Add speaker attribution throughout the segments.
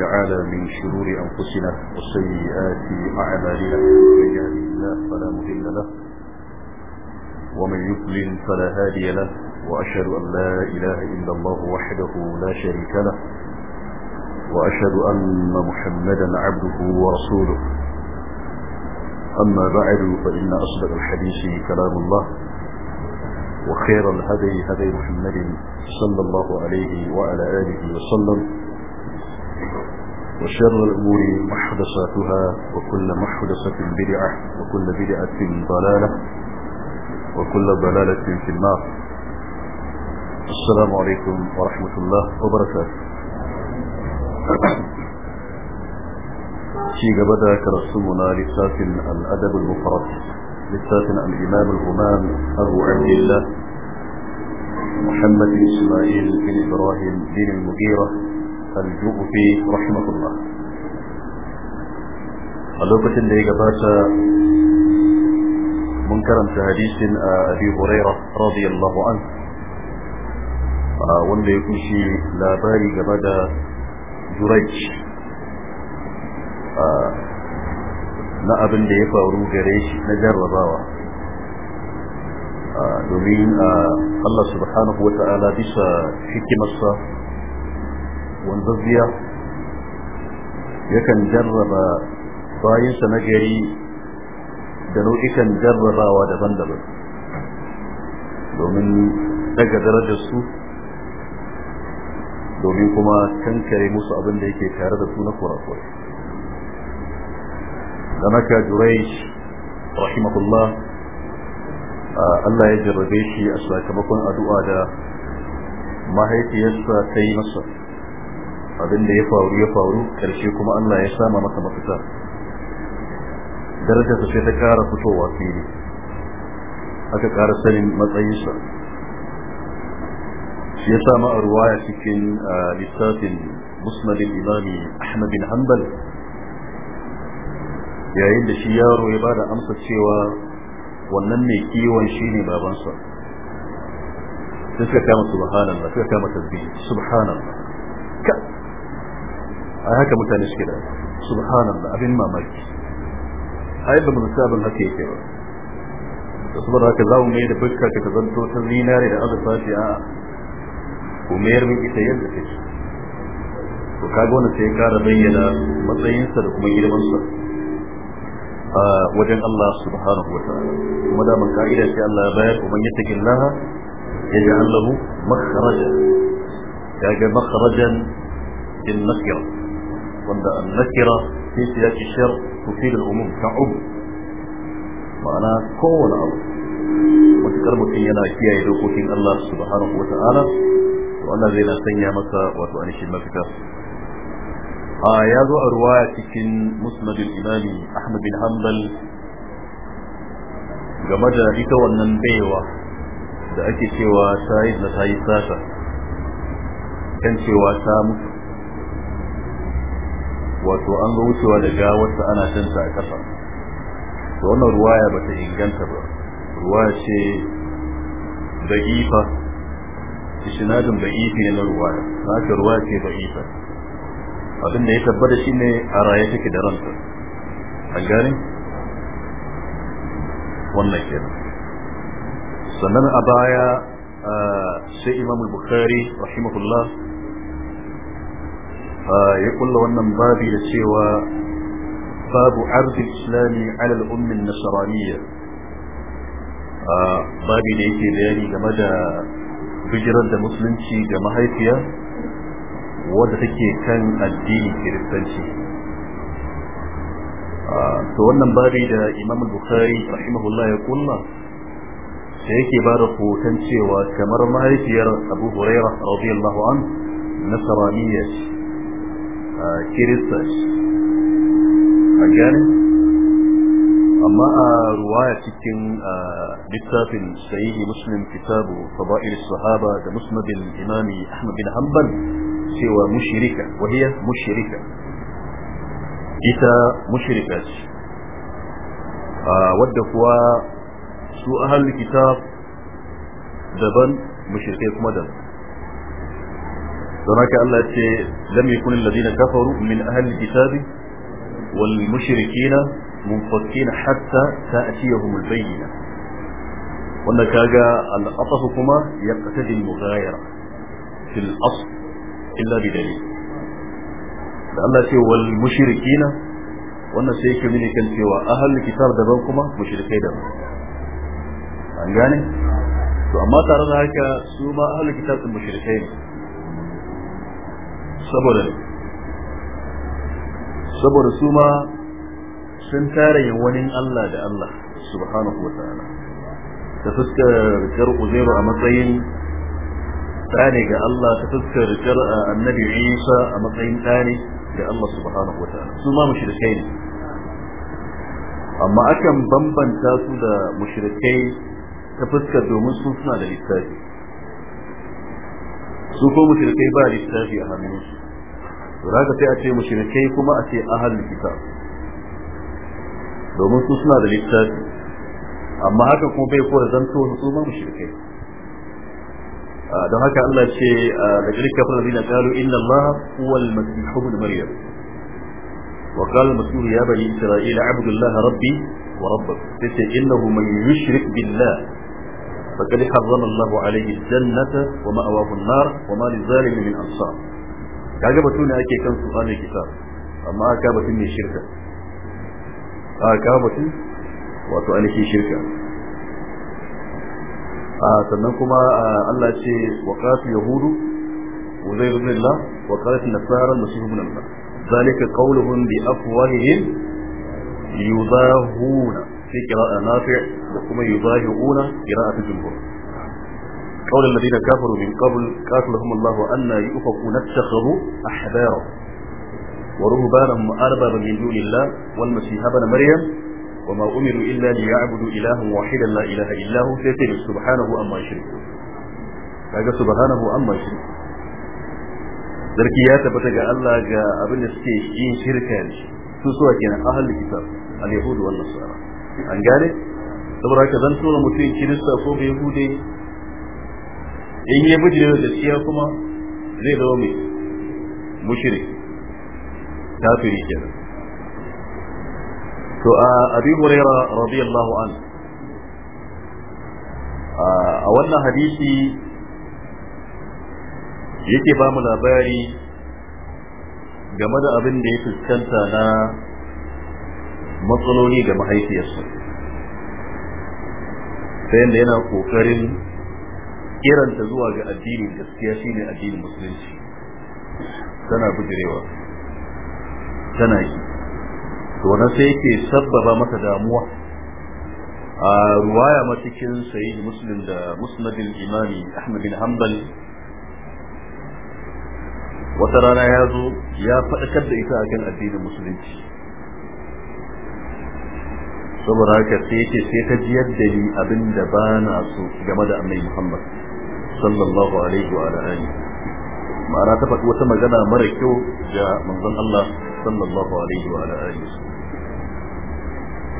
Speaker 1: تعالى من شرور أنفسنا وسيئات أعمالنا من يهدي الله فلا مضل له ومن يضلل فلا هادي له وأشهد أن لا إله إلا الله وحده لا شريك له وأشهد أن محمدا عبده ورسوله أما بعد فإن أصدق الحديث كلام الله وخير الهدي هدي محمد صلى الله عليه وعلى آله وسلم وشر الأمور محدثاتها وكل محدثة بدعة وكل بدعة ضلالة وكل ضلالة في النار السلام عليكم ورحمة الله وبركاته شيء بدأ كرسمنا لسات الأدب المفرد لسات الإمام الغمام أبو عبد الله محمد إسماعيل بن إبراهيم بن المغيرة اللجوء فيه رحمه الله اللوكه اللي قبلت منكرا في حديث ابي هريره رضي الله عنه وان يكون شيء لا باري قبل جريج لا ابن ديفا وروجريش نجر الراوه domin آه، Allah subhanahu wa ta'ala bisa hikimarsa wanzazziya yakan jarraba bayansa na gari da nau'ikan jarrabawa daban-daban domin daga darajarsu domin kuma kankare musu abin da yake tare da su na kurakurai don haka juraish rahimahullah Allah ya jarrabe shi a sakamakon addu'a da mahaifiyarsa ta yi masa abin da ya faru ya faru karshe kuma Allah ya sama masa mafita daraja ta sai ta kara fitowa fili aka kara sanin matsayinsa shi ya sama a ruwaya cikin lissafin musnadin imami ahmad bin hanbal yayin da shi yaro ya bada amsa cewa wannan mai kiwon shi ne babansa sai suka kama subhanallah suka kama tasbih subhanallah ai haka mutane suke da subhanallah abin mamaki ai ba mu saba haka yake ba to saboda haka za mu mai da fuska ta zanto ta zinare da azurfa ce a umayar min ita yadda take to kaga wannan sai ya kara bayyana matsayinsa da kuma girmansa a wajen Allah subhanahu wa ta'ala kuma da man ka'ida sai Allah ya bayar kuma ya take Allah ya ji Allah makharaja ya ga makharajan in nasira ولا النكرة في سياق الشر تفيد العموم كعب معنى كون عرض وتكرم في ينا كي يدوكو في الله سبحانه وتعالى وأنا غير سنيا مكة وتوانيش المكة آه، آيات أرواية كن مسند الإمام أحمد بن حنبل جمد إتو وننبيوة da ake cewa ta yi zata yi sata kan cewa ta mutu wato an zo wucewa da gawarsa ana tanta a kafa. to wannan ruwaya ba ta inganta ba ruwaya ce da'ifa isnadin da'ifi ne na ruwaya haka ruwaya ce da'ifa abin da ya tabbata shine a raye take da ranta an gane wannan kenan sannan a baya eh, sai imamul bukhari rahimahullah آه، يقول وانم بابي لسيوى باب عرض الإسلام على الأم النصرانية آه، بابي نيكي لياني لمدى بجرة مسلمتي لمهايتيا ودكي كان الدين كريستانسي آه، وانم بابي دا إمام البخاري رحمه الله يقول سيكي بارك وتنسي وكمر مهايتيا أبو هريرة رضي الله عنه نصرانية نصرانية kirista a gane amma a ruwaya cikin littafin sahihi muslim kitabu fada'il sahaba da musnadil imami ahmad bin hanbal cewa mushrika wa hiya mushrika ita mushrika ce wadda kuwa su ahal kitab daban mushrikai kuma daban هناك الله يتي لم يكن الذين كفروا من أهل الكتاب والمشركين منفكين حتى تأتيهم البينة وأنك أجا أن أطفكما يقتدي المغايرة في الأصل إلا بدليل لأن الله والمشركين وأن سيك من يكن سوى أهل الكتاب دبوكما مشركين دبوكما يعني فأما ترى ذلك سوما أهل الكتاب المشركين saboda saboda su ma sun tare wani Allah da Allah subhanahu wa ta'ala ta fuskar rikar uzairu a matsayin ɗane ga Allah ta fuskar rikar annabi Isa a matsayin ɗane ga Allah subhanahu wa ta'ala su ma mushrikai ne amma akan bambanta su da mushrikai ta fuskar domin sun suna da littafi su ko mushrikai ba littafi a hannunsu zaka sai a ce mushrikai kuma a ce ahlul kitab domin su suna da littafi amma haka kuma bai kora zanto su ma mushrikai don haka Allah ce da jirgin kafin da zina qalu inna Allah huwa al-masih ibn maryam wa qala al-masih ya bani isra'il Allah rabbi wa rabbuk sai innahu man yushrik billah فقد حرم الله عليه الجنة jannata wa ma'awahu an-nar wa ma kaga batu ne ake kan sultanin kitab amma aka batun ne shirka aka batun wato ainihin shirka a sannan kuma Allah ce wa qasu yahudu uzair ibn Allah wa qalat nasara masih ibn Allah zalika qawluhum bi afwahihim yudahuna fi qira'a nafi' da kuma yudahuna qira'atu jumhur قول الذين كفروا من قبل قاتلهم الله أن يؤفكون اتخذوا أحبارا ورهبانهم أربابا من دون الله والمسيح ابن مريم وما أمروا إلا ليعبدوا إلها واحدا لا إله إلا هو سيتم سبحانه أما يشركون amma shi sarki ya tabbata ga Allah abin da suke yin shirka ne su suwa kenan ahlul kitab al-yahud wal an gane ka zan tura mutum kirista ko bai yahude in ya bijire da gaskiya kuma zai zama mai mushiri kafiri kenan to a abi huraira radiyallahu an a wannan hadisi yake ba mu labari game da abin da ya fuskanta na matsaloli ga mahaifiyarsa ta yadda yana kokarin kiranta zuwa ga addinin gaskiya shine addinin musulunci tana bujirewa tana yi to na sai yake sabbaba mata damuwa a ruwaya ma cikin sayyid muslim da musnadin imami ahmad bin hanbal wata rana ya zo ya faɗakar da ita akan addinin musulunci saboda haka sai ce sai ta jiyar da ni abin da ba na so game da annabi Muhammad sallallahu alaihi wa alihi ma'ana ta faɗi wata magana mara kyau ga manzon Allah sallallahu alaihi wa alihi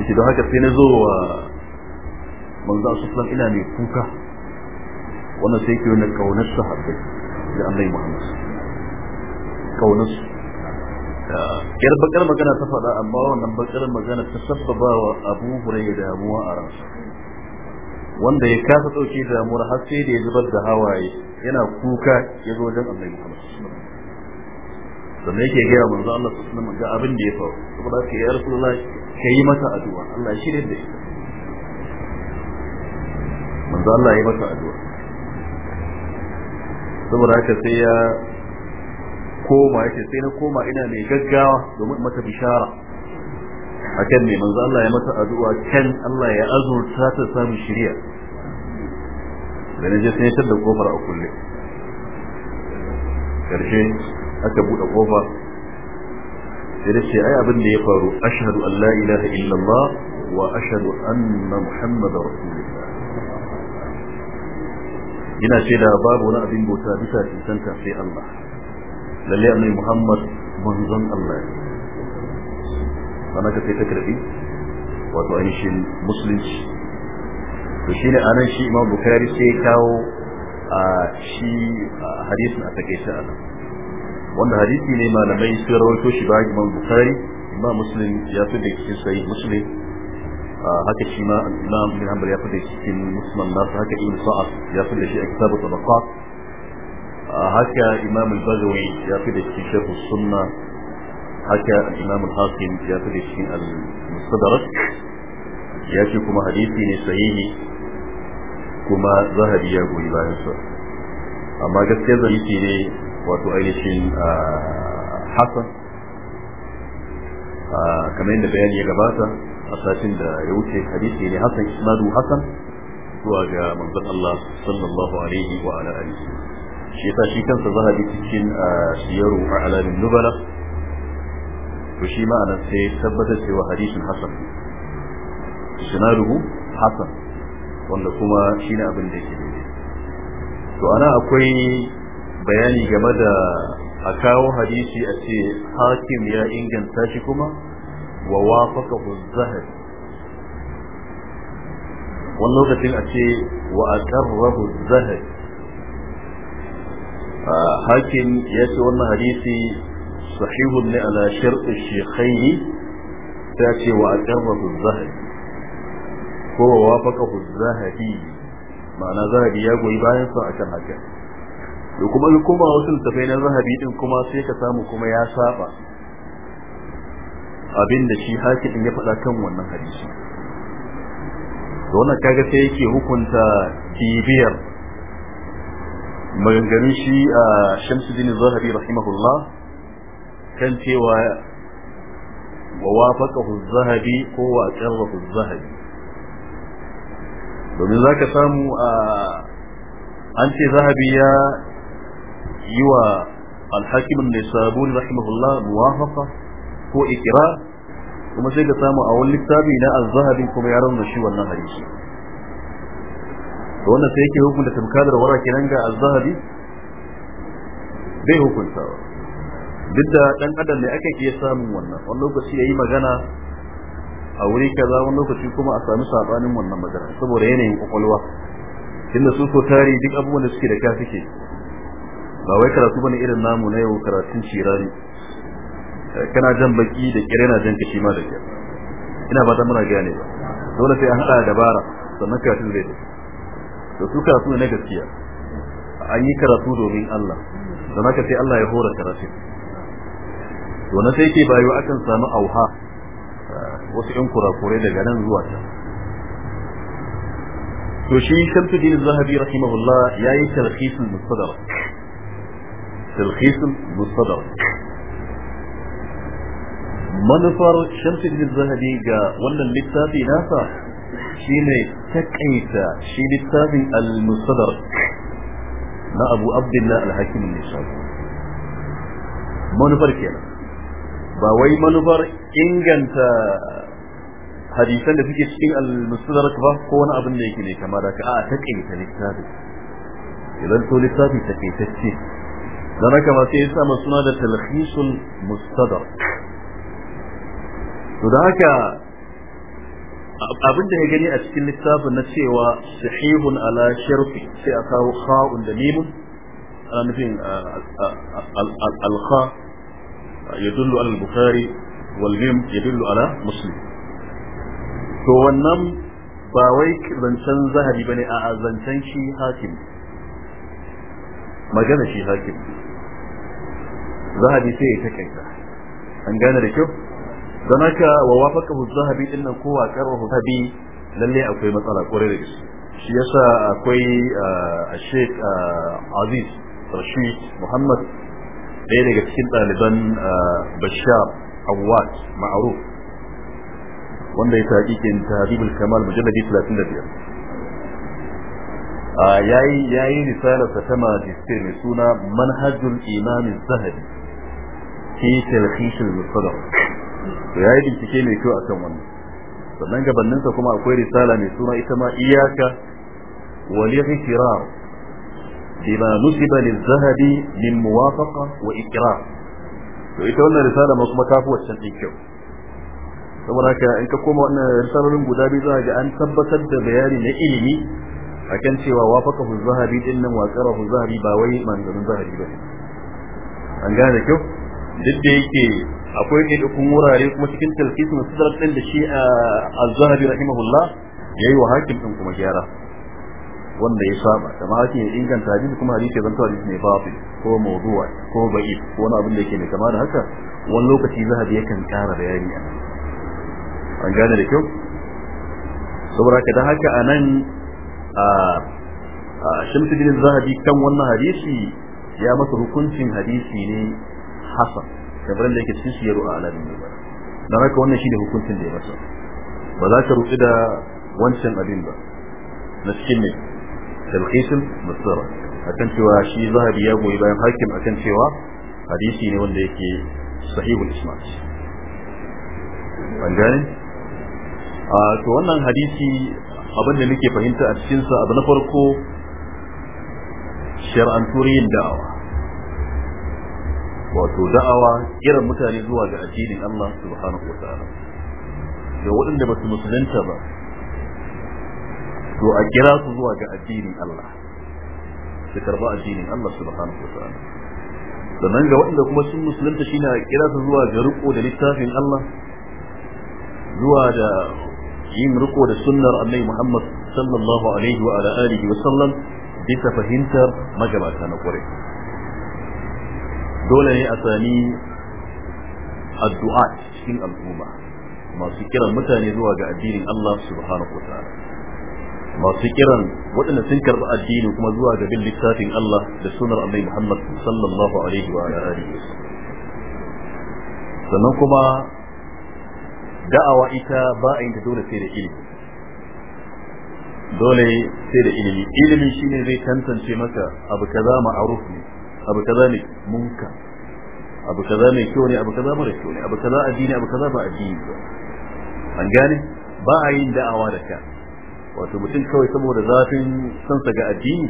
Speaker 1: yake don haka sai na zo wa manzon sallallahu ina mai kuka wannan sai ke wani kaunar sahabbai da annabi Muhammad kaunar ah, yar bakar magana ta faɗa amma wannan bakar magana ta sabbaba wa Abu Hurairah damuwa a ransa wanda ya kasa dauke damuwar har sai da ya zubar da hawaye yana kuka ya zo wajen annabi Muhammad sannan yake gaya manzo Allah su sunan ga abin da ya faru saboda haka ya rasulullah ka yi mata addu'a Allah ya shirye da ita manzo Allah ya mata addu'a saboda haka sai ya koma yake sai na koma ina mai gaggawa domin mata bishara akan ne manzo Allah ya mata addu'a kan Allah ya azurta ta samu shiriya da na je sai da kofar a kulle karshe aka bude kofa sai da shi abin da ya faru ashhadu an la ilaha illa Allah wa ashhadu anna muhammadar rasulullah ina ce da babu wani abin bauta bisa tantance sai Allah lalle annabi Muhammad manzon Allah ne don haka sai ta karbi wato ainihin musulunci to a nan shi imam bukari sai kawo a shi hadisin a takaice anan wanda hadisi ne malamai sun rawaito shi ba imam bukari imam muslim ya fi da cikin sahih muslim haka shi ma imam bin hanbal ya fi da cikin muslim nasu haka ibn sa'ad ya fi da shi a kitabu tabaqat haka imam al-bazawi ya fi da cikin sharh sunna haka al-imam al-hakim ya fi shi al-mustadrak ya ce kuma hadisi ne sahihi kuma zahabi ya goyi bayan sa amma gaskiya zalisi ne wato ainihin hasan kamar yadda bayani ya gabata a satin da ya wuce hadisi ne hasan isnadu hasan zuwa ga manzon Allah sallallahu alaihi wa shi yasa shi kansa zahabi cikin a a'lamin nubala to shi ma anan sai tabbatar cewa hadisin hasan sinaruhu hasan wanda kuma shi ne abin da yake daidai to ana akwai bayani game da a kawo hadisi a ce hakim ya inganta shi kuma wa wafaka zahir wani lokacin a ce wa aqarrahu zahir hakim ya ce wannan hadisi sahihun ne ala shar'i shekhaini ta ce wa aqarrahu zahabi ko wa wafaqahu zahabi ma'ana zahabi ya goyi bayan sa akan haka to kuma kuma wasu tafai na zahabi din kuma sai ka samu kuma ya saba abinda da shi hakimin ya faɗa kan wannan hadisi Da wannan kaga sai yake hukunta bibiyar maganganun shi a shamsuddin zahabi rahimahullah kan cewa wa wafaqahu az-zahabi ko wa aqarrahu az-zahabi domin zaka samu a an ce zahabi ya yi wa al ne sabuni nisaburi rahimahullah muwafaqa ko ikira kuma sai ka samu a wani littafi na az-zahabi kuma ya rauna shi wannan hadisi to wannan sai yake hukunta tamkadar wara kenan ga az-zahabi bai hukuntawa duk da dan adam ne ake iya samun wannan wani lokaci ya yi magana a wuri kaza wani lokaci kuma a sami sabanin wannan magana saboda yanayin kwakwalwa inda su so tari duk abubuwan da suke da ka ke ba wai karatu bane irin namu na yau karatun shirari eh, kana jan baki da kire na jan kashi ma da kyau ina ba ta muna gane ba dole sai an haɗa dabara sannan karatu zai tafi da su karatu ne na gaskiya an yi karatu domin Allah don haka sai Allah ya hora karatu to na sai ke bayu akan samu auha wasu yan kurakurai daga nan zuwa ta to shi din zahabi rahimahullah ya yi talhisul mustadrak talhisul mustadrak manufar din zahabi ga wannan littafi nasa shine takaita shi littafin al-mustadrak na abu abdullah al-hakim al ne manufar kenan ba wai manufar inganta hadisan da suke cikin al-mustadrak ba ko wani abin da yake ne kama da ka a takaita littafi idan to littafi takaitacce dan haka ma sai ya sa suna da talkhisul mustadrak to da haka abin da ya gani a cikin littafin na cewa sahihun ala sharfi sai a kawo kha'un da mimun ana nufin alkha yadullu al bukhari wal mim yadullu ala muslim to wannan ba wai zancen zahabi bane a zancen shi hakim magana shi hakim zahabi sai ya takaita an gane da kyau don haka wa wafaqahu zahabi din nan kowa karahu zahabi lalle akwai matsala kwarai da gaske shi yasa akwai a Sheikh Aziz Rashid Muhammad ɗaya daga cikin ɗaliban bashar awad ma'aruf wanda ya taƙi ke ta tahabibul kamal majalabi 35 ya yi risalarsa ta majistir mai suna manhajul imamin zahabi fi talhishin musadar ya yi bincike mai kyau a kan wannan sannan gabaninsa kuma akwai risala mai suna ita ma iyaka wal ihtirar بما نسب للذهب من موافقة وإكرام to ita wannan risala kuma tafi waccan ɗin kyau saboda haka in ka koma wannan risalolin guda biyu za ga an tabbatar da bayani na ilimi akan cewa wafaka zahabi wa zahabi ba wai manzarin zahabi an gane kyau duk da yake akwai ɗaiɗaikun wurare kuma cikin talkisin sadarar ɗin da shi a zahabi rahimahullah ya yi wa hakim ɗin kuma gyara wanda ya saba kama ake inganta hadisi kuma hadisi ya zanto hadisi ne bafi ko mawdu'a ko ba'i ko wani abin da yake mai kama da haka wani lokaci za a zahabi yakan kara bayani a an gane da kyau saboda ka da haka anan a nan a shamsuddin zahabi kan wannan hadisi ya masa hukuncin hadisi ne hasan kamar da yake cikin siyaru a alamin ne don haka wannan shine hukuncin da ya masa ba za ka rufi da wancan abin ba na cikin ne talqisul musara akan cewa shi zahabi ya goyi bayan hakim akan cewa hadisi ne wanda yake sahihul isnad an a to wannan hadisi abin da nake fahimta a cikin sa abu na farko shar'an turiyin da'awa wato da'awa kiran mutane zuwa ga addinin Allah subhanahu wa ta'ala da waɗanda ba su musulunta ba to a kira su zuwa ga addinin Allah su karba addinin Allah subhanahu wataala sannan ga waɗanda kuma sun musulunta shine a kira su zuwa ga riko da littafin Allah zuwa da yin riko da sunnar annabi Muhammad sallallahu alaihi wa ala alihi wa sallam bisa fahimtar magabata na kwarai dole ne a sami addu'a cikin al'umma masu kiran mutane zuwa ga addinin Allah subhanahu wa ta'ala masu kiran waɗanda sun karɓi addini kuma zuwa ga bin littafin Allah da sunar Annabi Muhammad sallallahu alaihi wa alihi sannan kuma da'awa ita ba a yin ta dole sai da ilimi dole sai da ilimi ilimi shine zai tantance maka abu kaza ma'ruf ne abu kaza ne munka abu kaza mai kyau ne abu kaza mara kyau ne abu kaza addini abu kaza ba addini ba an gane ba a yin da'awa da ka wato mutum kawai saboda zafin sansa ga addini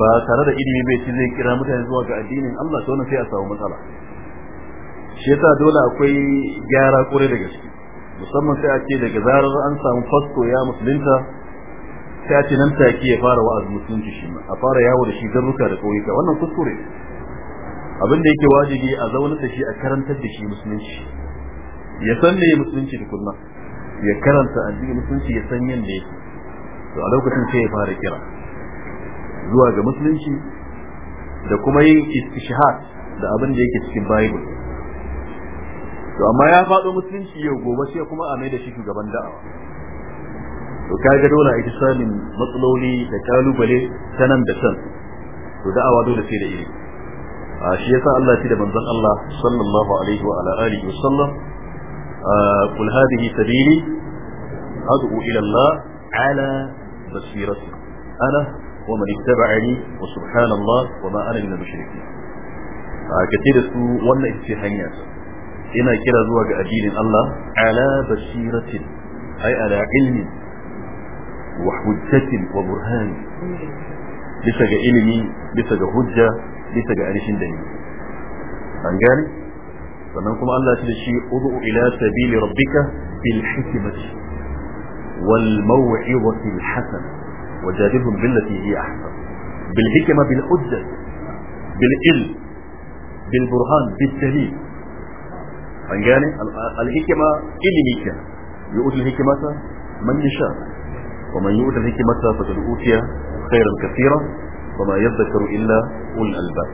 Speaker 1: ba tare da ilimi bai ci zai kira mutane zuwa ga addinin Allah to wannan sai a samu matsala shi yasa dole akwai gyara kure da gaske musamman sai a ce daga zarar an samu fasto ya musulunta sai a ce nan take ya fara wa'azi musulunci shi ma a fara yawo da shi garuka da kauyuka wannan kuskure abin da yake wajibi a zaunar da shi a karantar da shi musulunci ya san me musulunci kullum ya karanta addini musulunci ya san yadda yake to a lokacin sai ya fara kira zuwa ga musulunci da kuma yin istishhad da abin da yake cikin bible to amma ya faɗo musulunci yau gobe sai kuma a mai da shi shugaban da'awa to ga dole a samun matsaloli da kalubale ta nan da can to da'awa dole sai da iri. a shi yasa Allah ya da manzon Allah sallallahu alaihi wa ala alihi wa sallam قل هذه سبيلي أدعو إلى الله على بصيرتي أنا ومن اتبعني وسبحان الله وما أنا من المشركين كثير سوء ولا اتهانيات إنا كلا زواج أدين الله على بصيرة أي على علم وحجة وبرهان bisa ga ilimi bisa ga hujja bisa ga arishin dalili an gane sannan kuma Allah ya ce shi udu ila sabili rabbika bil hikmati wal maw'izati al hasana wajadilhum billati hi ahsan bil hikma bil hujja bil ilm bil burhan bil dalil an gane al hikma ilmi ke yu'ti al hikmata man yasha wa man yu'ti al hikmata faqad utiya khayran wa ma يذكر illa ul albab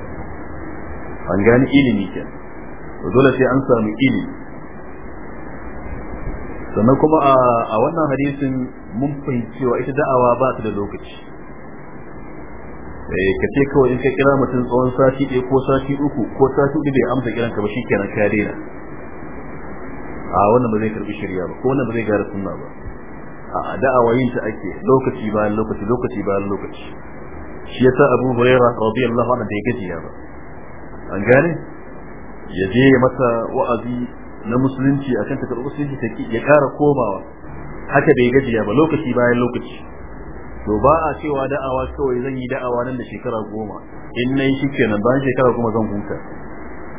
Speaker 1: an جانب ilmi ميكان. dole sai an samu ilimi sannan kuma a wannan hadisin mun fahimci cewa ita da'awa ba ta da lokaci eh, ka ce kawai in ka kira mutum tsawon sati ɗaya ko sati uku ko sati uku bai amsa kiran ka ba shi kenan ka daina a wannan ba zai karbi shirya ba ko wannan ba zai gara sunna ba a da'awa yin ta ake lokaci bayan lokaci lokaci bayan lokaci shi yasa Abu Hurairah radiyallahu anhu da ya gajiya ba an gane ya je masa wa'azi na musulunci akan ta karɓi musulunci ta ya ƙara komawa haka bai gajiya ba lokaci bayan lokaci to ba a cewa da'awa kawai zan yi da'awa nan da shekara goma in na yi shi kenan bayan shekara goma zan huta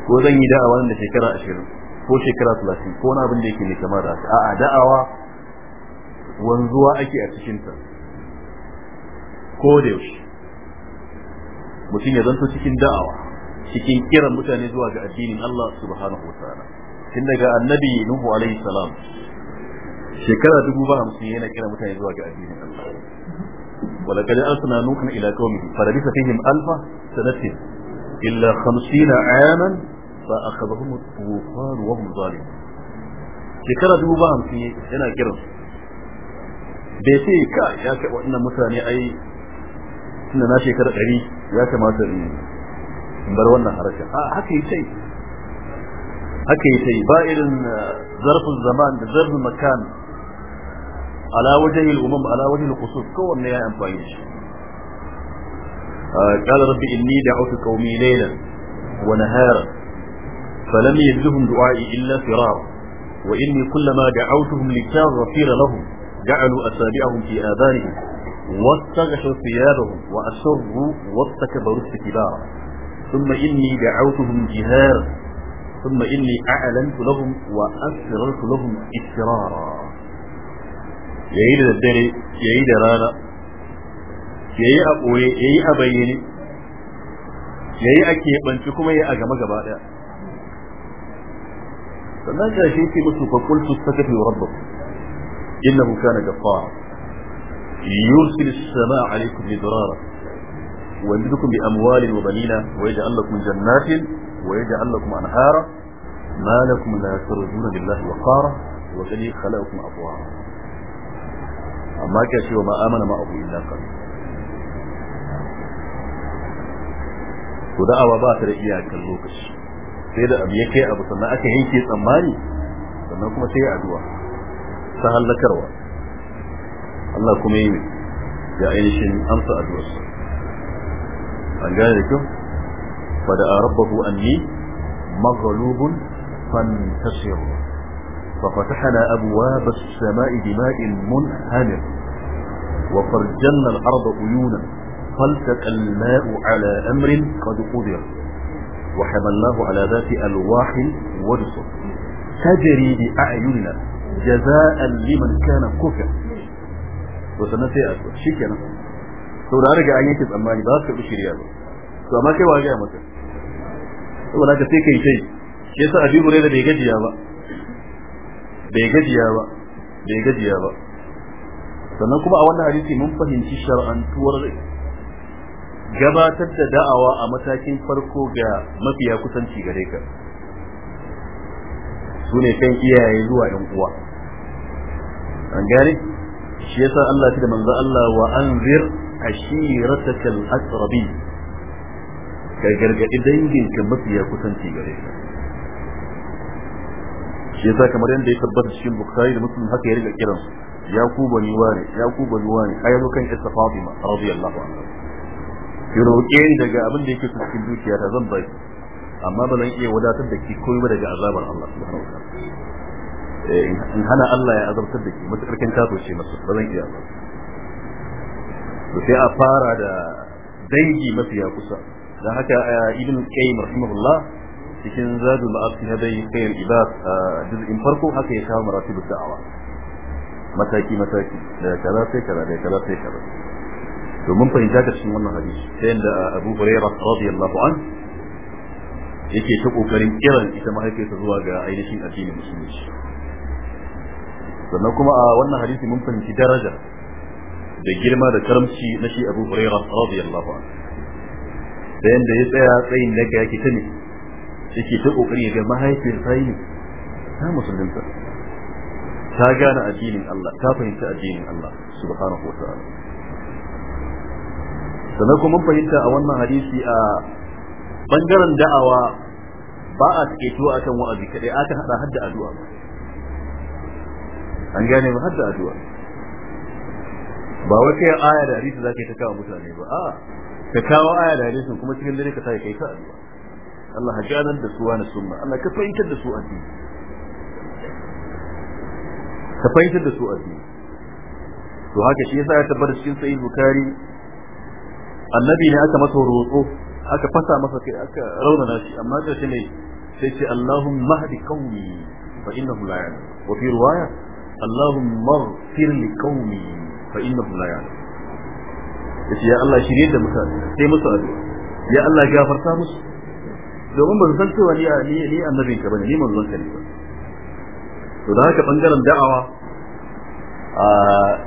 Speaker 1: ko zan yi da'awa nan da shekara ashirin ko shekara talatin ko wani abin da yake mai kamar da haka a'a da'awa wanzuwa ake a cikinta ko da yaushe mutum ya zanto cikin da'awa cikin kiran mutane zuwa ga addinin Allah subhanahu wa ta'ala tun daga annabi Nuhu alaihi salam shekara dubu ba hamsin yana kira mutane zuwa ga addinin Allah wala kada an suna nukan ila qaumihi farabisa fihim alfa sanatin illa 50 aman fa akhadhahum tufan wa hum zalim shekara dubu ba hamsin yana kiran bai ce ka ya ce waɗannan mutane ai tunda na shekara ɗari ya kamata in bar wannan ah, haka haka ba irin ah, zarfin zaman da zarfin makan ala ala al ya amfani shi قال رب إني دعوت قومي ليلا ونهارا فلم يجدهم دعائي إلا فرارا وإني كلما دعوتهم لتغفر لهم جعلوا أسابعهم في آذانهم واستغشوا ثيابهم وأسروا واستكبروا استكبارا ثم إني دعوتهم جهارا ثم إني أعلنت لهم وأسررت لهم إسرارا yayi da daddare yayi da rana yayi a ɓoye yayi a bayyane yayi a keɓance kuma yayi a gama gaba ɗaya sannan ga shi yake musu fa qul tastaghfiru rabbakum innahu kana ghaffara yursilu as-samaa'a 'alaykum midrara ويمدكم بأموال وبنين ويجعل لكم جنات ويجعل لكم أنهارا ما لكم لا ترجون لله وقارا وقد خلقكم أطوارا أما كاشي وما آمن معه إلا قليل to da'awa ba ta da iyakar lokaci sai da abu ya kai abu sannan aka yanke tsammani sannan kuma sai addu'a ta hallakarwa Allah kuma yi ya ainihin amsa addu'arsa an gane da kyau fa da rabbahu anni maghlubun fantasir fa fatahna abwab as-sama'i bima'in munhamir wa farjanna al-ardha uyunan فالتقى الماء على أمر قد قدر وحملناه على ذات ألواح ودسر تجري بأعيننا جزاء liman kana كفر وسنتي أكبر شكرا to da riga an yanke tsammani ba su shirya ba to amma kai wa ga to saboda ka sai kai kai shi yasa abi da bai gajiya ba bai gajiya ba bai gajiya ba sannan kuma a wannan hadisi mun fahimci tuwar gabatar da da'awa a matakin farko ga mafiya kusanci gare ka su ne kan iyaye zuwa yan uwa an gane shi yasa Allah ya ce da manzo Allah wa anzir ashiratakal asrabi ka gargadi danginka mafiya kusanci gare ka shi yasa kamar yadda ya tabbata cikin bukhari da muslim haka ya riga kiran ya ku ni wani ya ku bani wani ai zo kan isa fatima radiyallahu anha ki roƙe ni daga abin da yake cikin dukiya ta zan bai amma ba zan iya wadatar da ki koyi daga azabar Allah subhanahu wa eh, in hana Allah ya azabtar da ki matakar kan kaso ce ba zan iya ba to sai a fara da dangi mafiya kusa dan haka a ibn qayyim rahimahullah cikin zadul ma'ad fi hadai khair ibad juz'in farko haka ya kawo maratibud da'awa mataki mataki da kaza sai kaza daga kaza sai kaza domin fahimta ta cikin wannan hadisi ta yadda abu huraira radiyallahu an yake ta kokarin kiran ita mahaifiyarsa zuwa ga ainihin addinin musulunci sannan kuma a wannan hadisi mun fahimci daraja da girma da karamci na shi Abu Huraira radiyallahu anhu da ya tsaya tsayin daga yake ta ne yake ta kokari ga mahaifiyar sai ta musulunta ta gane addinin Allah ta fahimta addinin Allah subhanahu wa ta'ala sannan kuma mun fahimta a wannan hadisi a bangaren da'awa ba a tsaketo akan wa'azi kadai aka hada hadda addu'a an gane ba hadda addu'a ba wata kai aya da hadisi zaka yi ta kawo mutane ba a ka kawo aya da hadisin kuma cikin dare ka sai kai ta addu'a Allah hajanan da suwa na sunna Allah ka fahimtar da su addini ka fahimtar da su addini to haka shi yasa ya tabbata cikin sahih bukhari annabi ne aka masa roƙo aka fasa masa kai aka raunana shi amma karshe ne sai ce Allahumma hadi qaumi fa innahum la ya'lamun wa fi riwaya Allahumma ighfir li qaumi fa innahu la ya'lam yace ya Allah shirye da mutane sai musu addu'a ya Allah gafarta musu domin ban san cewa ni ni ni annabin ka bane ni manzon ka ne to da haka bangaren da'awa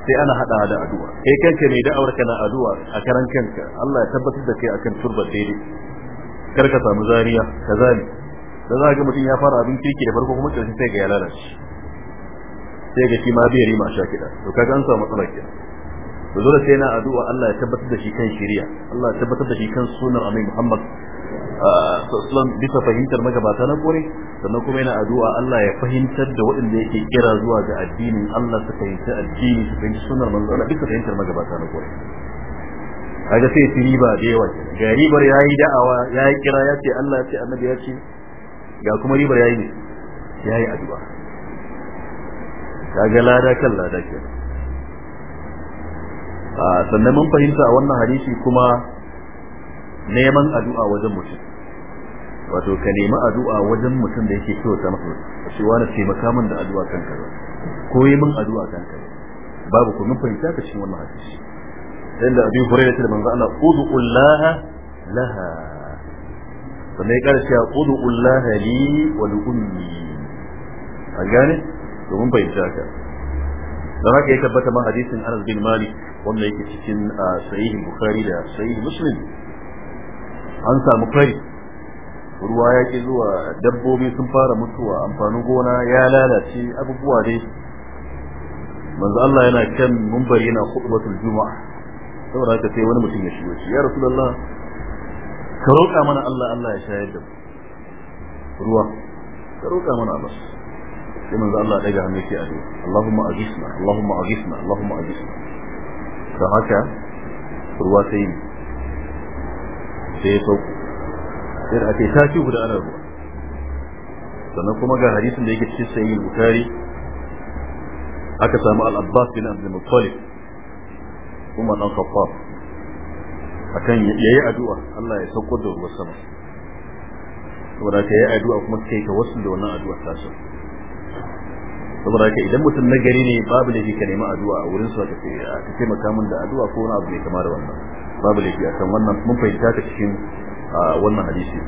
Speaker 1: sai ana hada da addu'a kai kanka mai da'awar kana addu'a a karan kanka Allah ya tabbatar da kai akan turbar daidai kar ka samu zariya kazali da za ga mutum ya fara abin kirki da farko kuma karshe sai ga ya lalace sai ga shi ma bai rima sha kiɗa to kaga an samu matsalar kenan to dole sai na addu'a Allah ya tabbatar da shi kan shari'a Allah ya tabbatar da shi kan sunan Annabi Muhammad sallallahu bisa fahimtar magabata na kore sannan kuma yana addu'a Allah ya fahimtar da waɗanda yake kira zuwa ga addinin Allah su fahimci addini su fahimci sunan manzo Allah bisa fahimtar magabata na kore kaga sai ci riba da yawa ga ribar yayi da'awa yayi kira yace Allah ya ce annabi ya ce ga kuma ribar yayi ne yayi addu'a kaga lada kan lada ke a sannan mun fahimta a wannan hadisi kuma neman addu'a wajen mutum wato ka nemi addu'a wajen mutum da yake so ta maka shi wani maka min da addu'a kan kaza ko yi min addu'a kan kaza babu ku mun fahimta ka cikin wannan hadisi inda abi hurairah da manzo Allah ud'u laha laha sannan ya karshe ud'u laha li wa li ummi a gane domin bai da ka da haka ya tabbata ma hadisin Anas bin Malik wanda yake cikin ah, sahih Bukhari da sahih Muslim an samu fari ruwa ya ke zuwa dabbobi sun fara mutuwa amfanin gona ya lalace abubuwa dai manzo Allah yana kan mumbari yana khutbatul juma'a saboda haka sai wani mutum ya shigo shi ya rasulullah ka roƙa mana Allah Allah ya shayar da ruwa ka roƙa mana Allah sai manzo Allah daga hannu shi a Allahumma ajisna Allahumma ajisna Allahumma ajisna da haka ruwa sai sai sau sai da ake tashi da ana ruwa sannan kuma ga hadisin da yake cikin sayyid bukari aka samu al-abbas bin abdul muttalib kuma dan khattab akan yayi addu'a Allah ya sauko da ruwa sama saboda ka yi addu'a kuma kai ka wasu da wannan addu'a ta sauka saboda haka idan mutum na gari ne babu laifi ka nemi addu'a a wurin su ka ce ka taimaka min da addu'a ko wani abu mai kama da wannan babu laifi akan wannan mun fahimta ta cikin wannan hadisi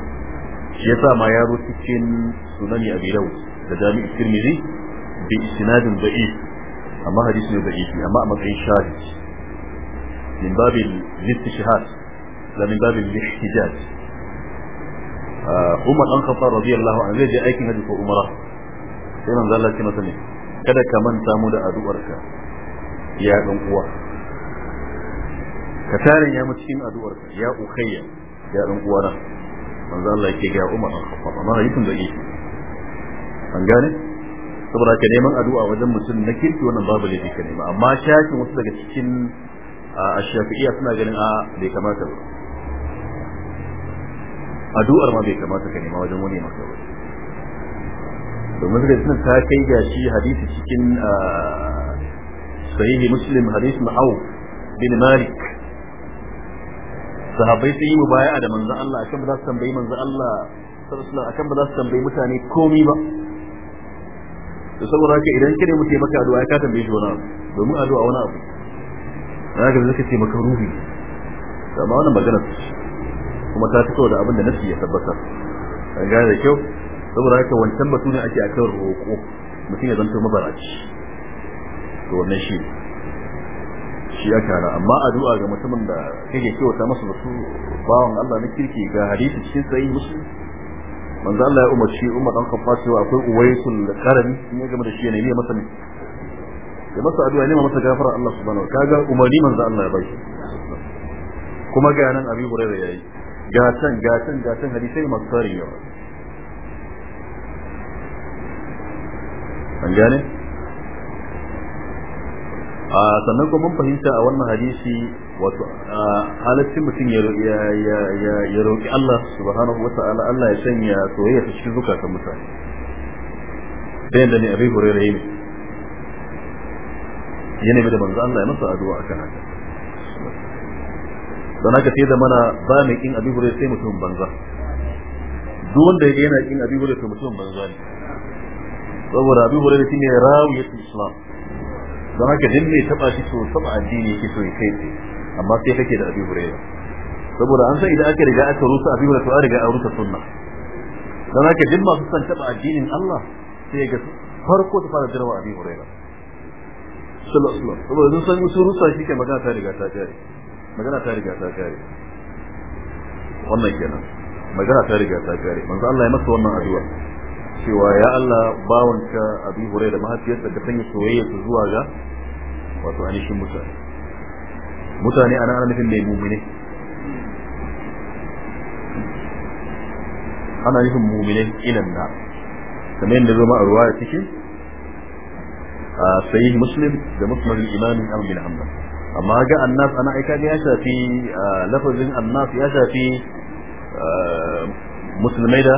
Speaker 1: shi yasa ma yaro cikin sunani abi daud da jami'i tirmidhi bi isnadin da'if amma hadisi ne da'ifi amma a matsayin shahid min babil istishhad da min babil ihtijaj Umar dan Khattab radiyallahu anhu zai je aikin hajji ko umara sai manzo Allah ce masa ne kada ka manta mu da addu'arka ya dan uwa ka tare ya mu cikin addu'arka ya ukayya ya dan uwa na manzo Allah yake ga Umar al-Khattab amma tun da yake an gane saboda ka neman addu'a wajen mutum na kirki wannan babu laifi ka nema amma shakin wasu daga cikin ashafi'iyya suna ganin a bai kamata ba addu'ar ma bai kamata ka nema wajen wani maka ba domin da suna ta kai ga shi hadisi cikin ah, sahihi muslim hadisi ma'au bin malik sahabbai sun yi mubaya'a da manzo Allah akan ba za su tambayi manzo Allah sallallahu alaihi akan ba za su tambayi mutane komi ba to saboda haka idan kire mutum ya maka addu'a ya ka tambaye shi wani abu domin addu'a wani abu zaka zaka ce maka ruhi amma wannan magana kuma ta fito da abin da nasi ya tabbatar an gane da kyau saboda haka wancan batu ne ake akan roƙo mutum ya zanto mabaraci to wannan shi shi aka hana amma addu'a ga mutumin da kake kyauta masa batu bawan Allah na kirki ga hadisi cikin sahih muslim manzo Allah ya umarci Umar dan Khattab cewa akwai uwaisul karami in ya gama da shi ne ne masa ne ya masa addu'a ne masa gafara Allah subhanahu wa ta'ala kaga umarni manzo Allah ya bai kuma ga nan Abi Hurairah yayi ga can ga can ga can hadisi masu tarihi yawa an gane a sannan kuma mun fahimta a wannan hadisi wato halaccin mutum ya ya roƙi Allah subhanahu wa ta'ala Allah ya sanya soyayya ta cikin zukatan mutane da da ne abin Hurairah yayi yana bi da manzo Allah ya masa addu'a akan haka don haka sai da mana ba mai kin abin Hurairah sai mutum banza duk wanda yake yana kin abin Hurairah sai mutum banza ne saboda abu hore shi ne rawiyatul islam don haka din mai taba shi to saba addini yake so ya kai tsaye amma sai kake da abu hore saboda an san idan aka riga aka rusa abu hore to an riga an rusa sunna don haka din masu san taba addinin Allah sai ga farko ta fara jirawa abu hore sallallahu alaihi wasallam saboda sun san su rusa shi ke magana ta riga ta kare magana ta riga ta kare wannan kenan magana ta riga ta kare manzo Allah ya masa wannan addu'a cewa ya Allah bawanta abi hurai da mahaifiyarsa ka sanya soyayya su zuwa ga wato anishin mutane mutane ana ana nufin mai mumine ana nufin mumine ilan da kamar yadda zama a ruwa cikin sayi muslim da musulman imam ibn hanbal amma ga annas ana aika ne ya shafi lafazin annas ya shafi musulmai da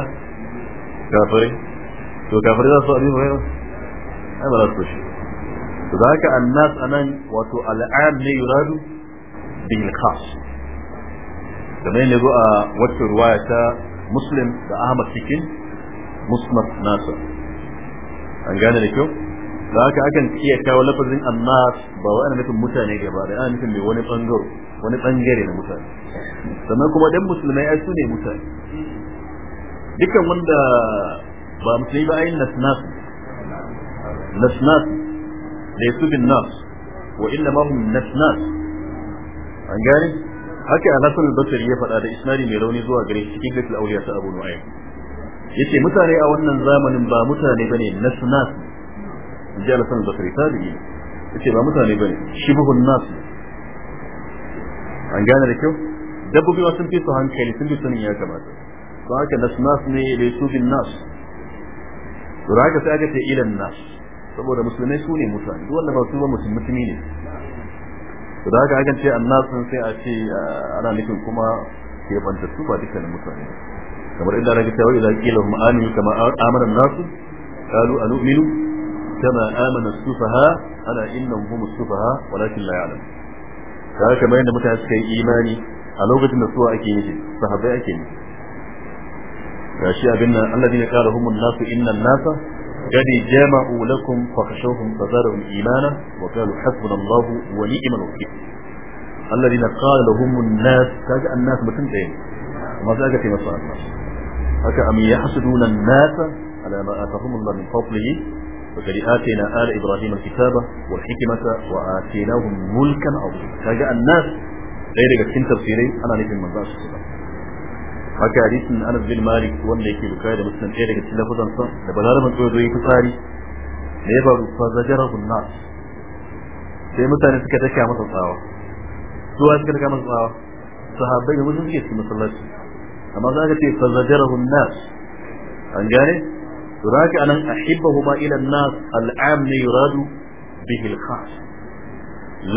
Speaker 1: kafirai to kafir za su abin hoyo ai ba za su shi to da haka annas anan wato al'am ne yuradu bil khas kamar ne go a wata ruwaya ta muslim da ahmad cikin musnad nasa an gane da kyau da haka akan iya kawo lafazin annas ba wa ana nufin mutane gaba da ana nufin mai wani bangare wani bangare na mutane sannan kuma dan musulmai ai su ne mutane dukkan wanda ba musulmi ba ayin nasnas nasnas laysu bin nas wa illa ma hum nasnas an gane haka Al-Hasan al-Basri ya faɗa da isnadi mai rauni zuwa gare shi cikin gatul auliya ta Abu Nu'aym yace mutane a wannan zamanin ba mutane bane nasnas ji Al-Hasan al-Basri tabi'i yace ba mutane bane shibhun nas an gane da kyau dabbobi sun fi su hankali sun fi sanin ya kamata to haka nasnas ne laysu bin nas to da haka sai aka ce ilan nas saboda musulmai su ne mutane duk wanda ba su ba musulmi ne to da aka ce annasun sai a ce ana nufin kuma ke banta su ba dukkanin mutane kamar inda aka ce idan idza qila hum aminu kama amana an-nas qalu anu'minu كما آمن السفهاء ألا إنهم هم السفهاء ولكن لا يعلم كما يعلم متى سكي إيماني a lokacin da suwa ake yi sahabbai ake yi. gashi abin nan alladhina qala humun nasu inna nasa جمعوا لكم فخشوهم فزادهم إيمانا وقالوا حسبنا الله ونعم الوكيل الذين قال لهم الناس كاج الناس متن دين ما زاغت مسا الناس هكا أم يحسدون الناس على ما آتاهم الله من فضله وقد آتينا آل إبراهيم الكتاب والحكمة وآتيناهم ملكا عظيما كاج الناس غير كتن تفسيري أنا نفهم من ذا haka hadisin Anas bin Malik wanda yake bukari da Muslim ɗaya daga cikin lafazan sa da balaraban tsoyo zo yi fitsari da ya faru fa zajarahu nas sai mutane suka taka masa tsawa suwa suka taka masa tsawa sahabbai da mutum suke cikin masallaci amma za ka ce fa zajarahu nas an gane to zaka anan ahibbahu ma ila nas al'am ne yuradu bihi al-khas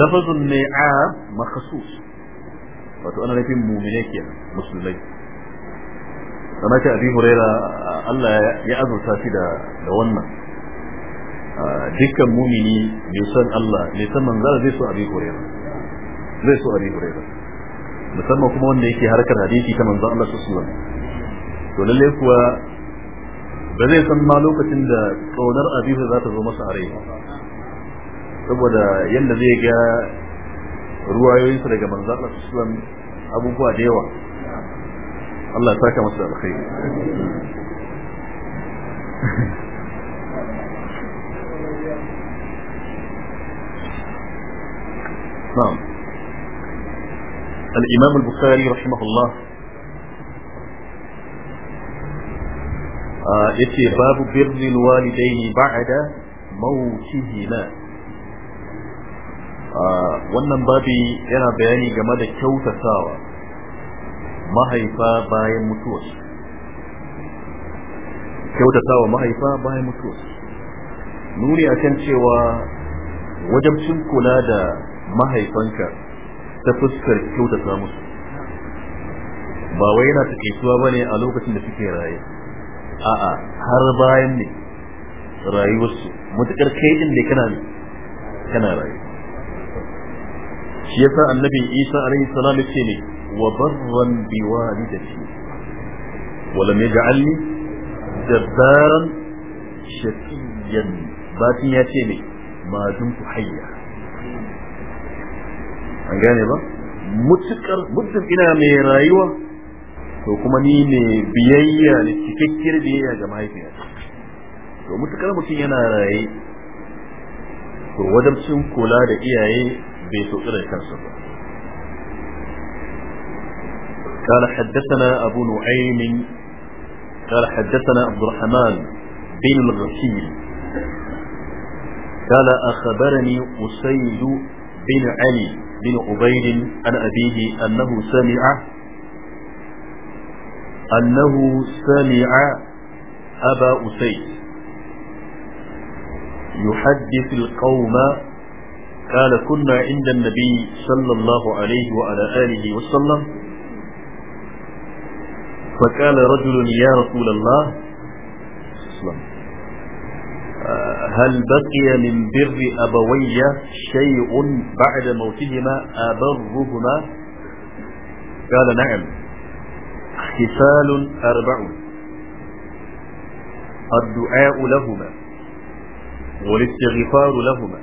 Speaker 1: lafazun ne a wato ana nufin mu'mine kenan musulmai sana ce abi huraira Allah ya azurta shi da da wannan dukkan mumini mai san Allah mai san manzara zai so abi huraira zai so abi huraira musamman kuma wanda yake harkar hadisi ta manzon Allah sallallahu alaihi wasallam to lalle kuwa ba zai san ma lokacin da kaunar abi za ta zo masa a saboda yadda zai ga ruwayoyinsa daga manzon Allah sallallahu alaihi wasallam abubuwa da yawa الله يبارك مساء الخير نعم الامام البخاري رحمه الله آه، يتي باب بر الوالدين بعد موتهما آه وانا بابي انا بياني جمال كوتا ساوى mahaifa bayan mutuwarsu kyautata wa mahaifa bayan mutuwarsu nuni a kan cewa wajen kula da mahaifanka ta fuskar kyautata musu ba wai yana taƙaituwa ba ne a lokacin da suke raye a'a har bayan ne rayuwarsu matuƙar kai din da kana ne kana raye shi yasa annabi isa alaihi salam ce ne وبرا بوالدتي ولم يجعلني جبارا شقيا باتن يا تيمي ما دمت حيا an gane ba mutukar muddin ina mai rayuwa to kuma ni ne biyayya ne cikakkiyar biyayya ga mahaifiya to mutukar mutum yana raye to wajen kula da iyaye bai so irin kansa ba قال حدثنا أبو نعيم قال حدثنا عبد الرحمن بن الغسيل قال أخبرني أسيد بن علي بن عبيد عن أبيه أنه سمع أنه سمع أبا أسيد يحدث القوم قال كنا عند النبي صلى الله عليه وعلى آله وسلم فقال رجل يا رسول الله هل بقي من بر أبوي شيء بعد موتهما أبرهما قال نعم احتفال أربع الدعاء لهما والاستغفار لهما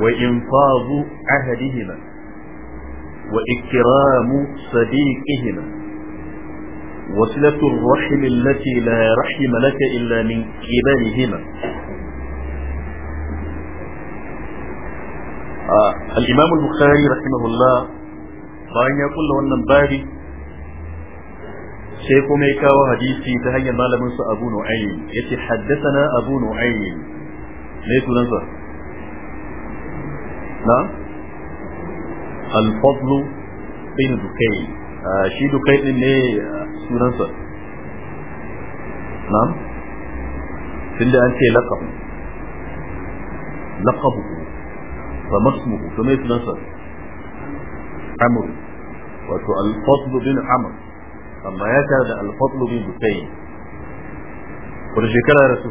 Speaker 1: وإنفاض عهدهما وإكرام صديقهما وصلة الرحم التي لا رحم لك إلا من كبالهما آه، الإمام البخاري رحمه الله باين يقول له أن باري شيخ ميكا وحديثي تهيأ ما لم ينسى أبو نعيم يتحدثنا أبو نعيم ليس نظر نعم الفضل بين دكين آه شي دكين ليه آه sunansa na'am tunda an ce laqab laqabu fa masmuhu to mai sunansa amr wato al-fadl bin amr amma ya tare da al-fadl bin dukai wani shekara rasu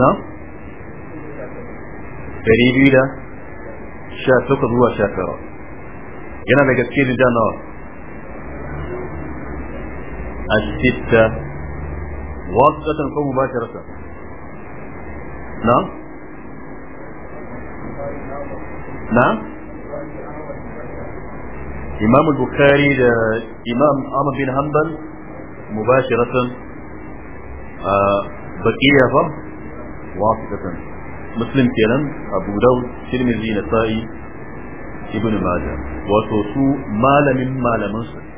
Speaker 1: na ɗari biyu da sha takwas zuwa sha tara yana da gaske da nawa الستة واسطة أو مباشرة نعم نعم إمام البخاري ده إمام أحمد بن حنبل مباشرة آه بقية فهم واسطة مسلم كلام أبو داود ترمذي نسائي ابن ماجه وتوسو مال من مال منصر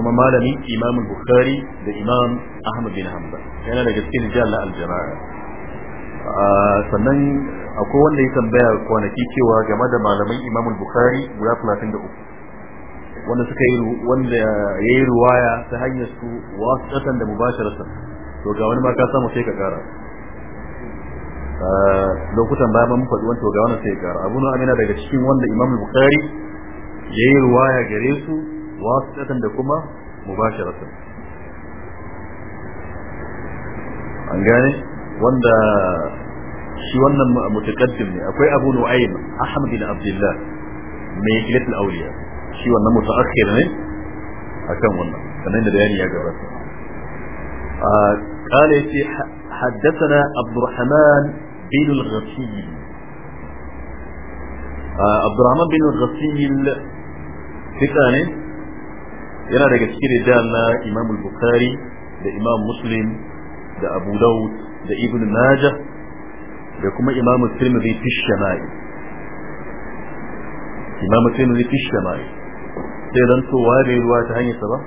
Speaker 1: kuma malami imam bukhari da imam ahmad bin hanbal yana daga cikin rijal al-jama'a sannan akwai wanda ya tambaya kwanaki cewa game da malaman imam bukhari guda 33 wanda suka yi wanda ya yi ruwaya ta hanyar su wasatan da mubasharatan to ga wani ma ka samu sai ka kara lokutan baya mun faɗi wani to ga wani sai ka kara abu na amina daga cikin wanda imam bukhari ya yi ruwaya gare su wasitatan da kuma mubasharatan an gane wanda shi wannan mutakaddim ne akwai abu nu'aym ahmad bin abdullah mai kilat al-awliya shi wannan mutaakhir ne akan wannan sanan da bayani ya gabata قال يتي حدثنا عبد الرحمن بن الغسيل عبد الرحمن بن الغسيل ثقة yana daga cikin rijal na Imam Bukhari da Imam Muslim da Abu Dawud da Ibn Majah da kuma Imam Tirmidhi fi Shama'i Imam Tirmidhi fi Shama'i sai dan to ware ruwa ta hanyar sa ba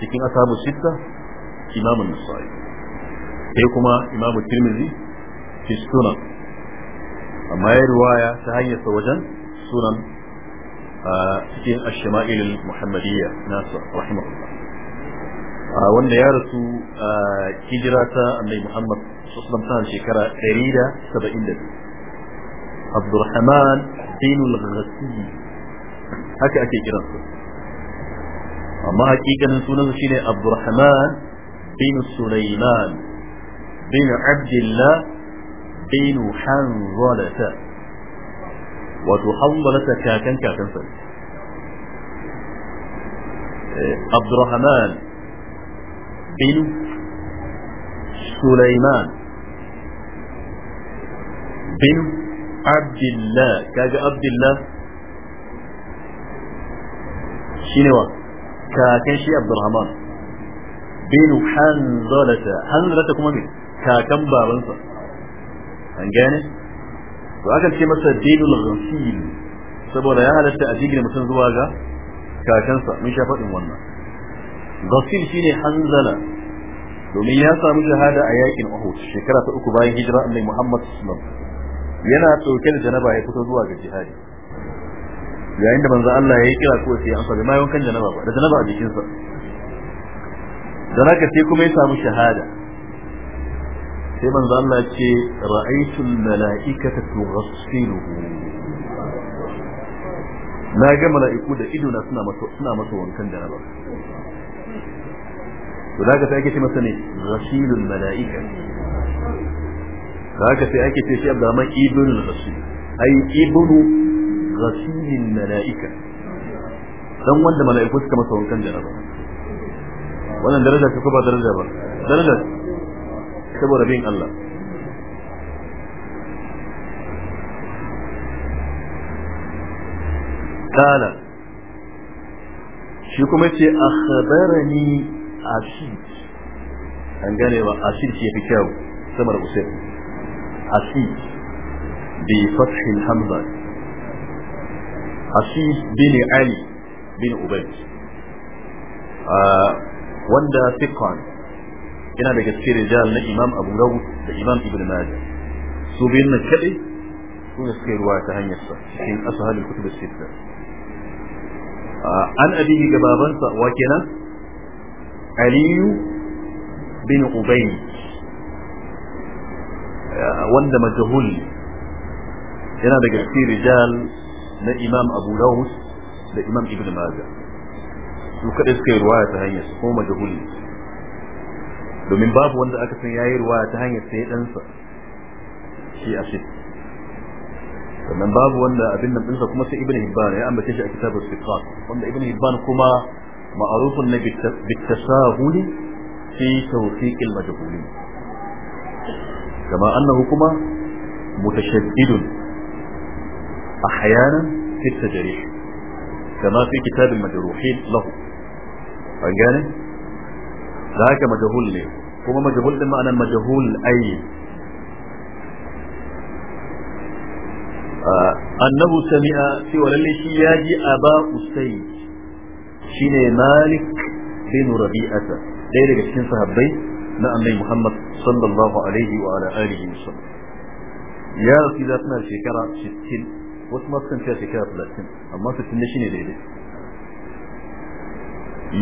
Speaker 1: cikin asabu sitta Imam Nasa'i sai kuma Imam Tirmidhi fi Sunan amma ya riwaya ta hanyar sa wajen Sunan a cikin ashima'il muhammadiyya nasa rahimahullah wanda ya rasu a hijira ta annabi muhammad sallallahu alaihi shekara 172 Abdurrahman bin al-Ghassi haka ake kiran kiransa amma hakikanin sunansa shine Abdurrahman bin Sulaiman bin Abdullah bin Hanzalata wato hawwalata kakan kakansa Abdurrahman bin Sulaiman bin Abdullah kaga Abdullah shine wa kakan shi Abdurrahman bin Hanzalata Hanzalata kuma ne kakan babansa an gane to akan ce masa dinul ghasil saboda ya halatta a jigina mutum zuwa ga kakansa mun sha faɗin wannan ghasil shine hanzala domin ya samu shahada a yakin Uhud shekara ta uku bayan hijira Annabi Muhammad sallallahu alaihi
Speaker 2: wasallam
Speaker 1: yana dauke da janaba ya fito zuwa ga jihadi yayin da manzo Allah ya yi kira ko sai an fara mayon kan janaba ba da janaba a jikinsa dan haka sai kuma ya samu shahada sai manzo Allah ce ra'aytul mala'ikata tughassiluhu na ga mala'iku da ido na suna masa suna masa wankan da raba to daga sai ake ce masa ne ghasilul mala'ika daga sai ake ce shi Abdurrahman ibn al-Ghasil ai ibnu ghasilil mala'ika dan wanda mala'iku suka masa wankan da raba wannan daraja ce ko ba daraja ba daraja ce saboda bin Allah kana shi kuma ce a khabarani ashid an gane ba ashid ke fi kyau samar usaid ashid bi fathin hamza ashid bin ali bin ubayd ah, wanda fiqan yana daga cikin rijal na imam abu dawud da imam ibn majah su biyun nan kadai su ne suka ruwa ta hanyar sa cikin ashalul kutub as-sittah an abihi ga babansa wa kenan aliyu bin ubay wanda majhul yana daga cikin rijal na imam abu dawud da imam ibn majah su kadai suka ruwa ta hanyar sa ko majhul domin babu wanda aka san yayarwa ta hanyar sai dan sa shi a shi sannan babu wanda abin nan dinsa kuma sai ibn hibban ya ambace shi a kitabul siqat wanda ibn hibban kuma ma'rufun na bitasahuli fi tawfiqil majhulin kama annahu kuma mutashaddid ahyanan fi tajrih kama fi kitab al-majruhin lahu an da haka majhul ne kuma majhul din ma'anar majhul ayyi annahu sami'a fi lalle shi yaji aba usai shine malik bin rabi'ata dai daga cikin sahabbai na annabi muhammad sallallahu alaihi wa ala alihi wasallam ya rasu da tana shekara 60 wasu masu kan shekara 30 amma 60 ne shine daidai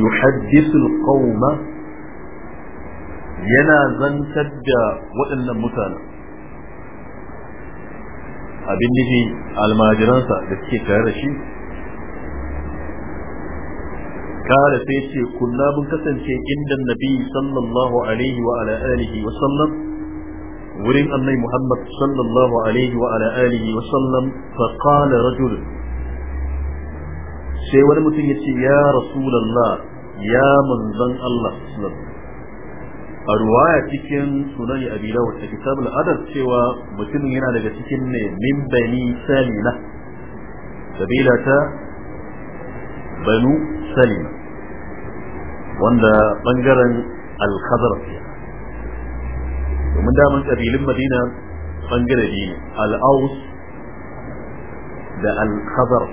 Speaker 1: yuhaddithu alqawma yana zantar da waɗannan mutanen abin nufi almajiransa da suke tare da shi kare sai ce kunna mun kasance inda nabi sallallahu alaihi wa ala alihi wa sallam wurin annai muhammad sallallahu alaihi wa ala alihi wa sallam fa qala rajul sai wani mutum ya ce ya rasulullah ya manzon allah sallallahu a ruwaya cikin sunan abi dawud da kitabul adab cewa mutumin yana daga cikin ne min bani salima kabila ta banu salima wanda bangaren al-khadar domin daman kabilin madina bangare ne al-aus da al-khadar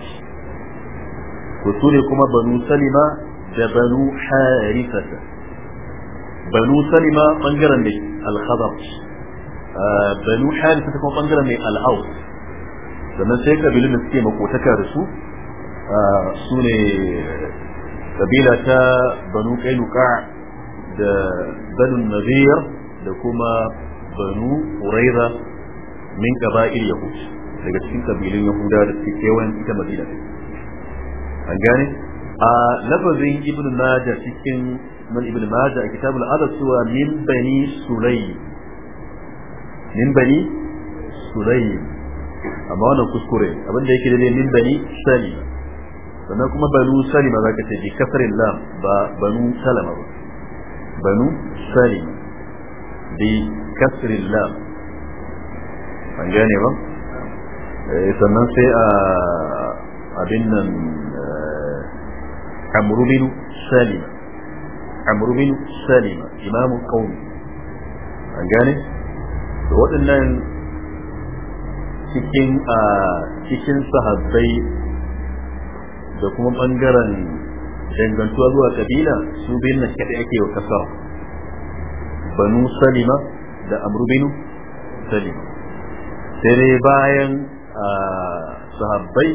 Speaker 1: ku ne kuma banu salima da banu harifata banu salima bangaren ne al-khazar banu harisa ta kuma bangaren ne al-aus sannan sai kabilun da suke makotaka da su su ne kabila ta banu kailuka da banu nazir da kuma banu uraira min qaba'il yahud daga cikin kabilun yahuda da suke kewayen ita madina an gane a lafazin ibnu majah cikin من ابن ماجه كتاب الادب سوى من بني سليم من بني سليم اما انا كسكوري ابن ده يكي من بني سليم فانا كما بنو سليم ذاك تجي كفر اللام بنو سلم بنو سليم دي كسر اللام فانجاني با إيه، سنان سي آه، ابنن آه، كامرو سليم amru bin salima imamun qaumi an gane to waɗannan cikin a cikin sahabbai da kuma bangaren dangantuwa zuwa kabila su bin nan kada yake wa kasar banu salima da amru bin salima sai bayan sahabbai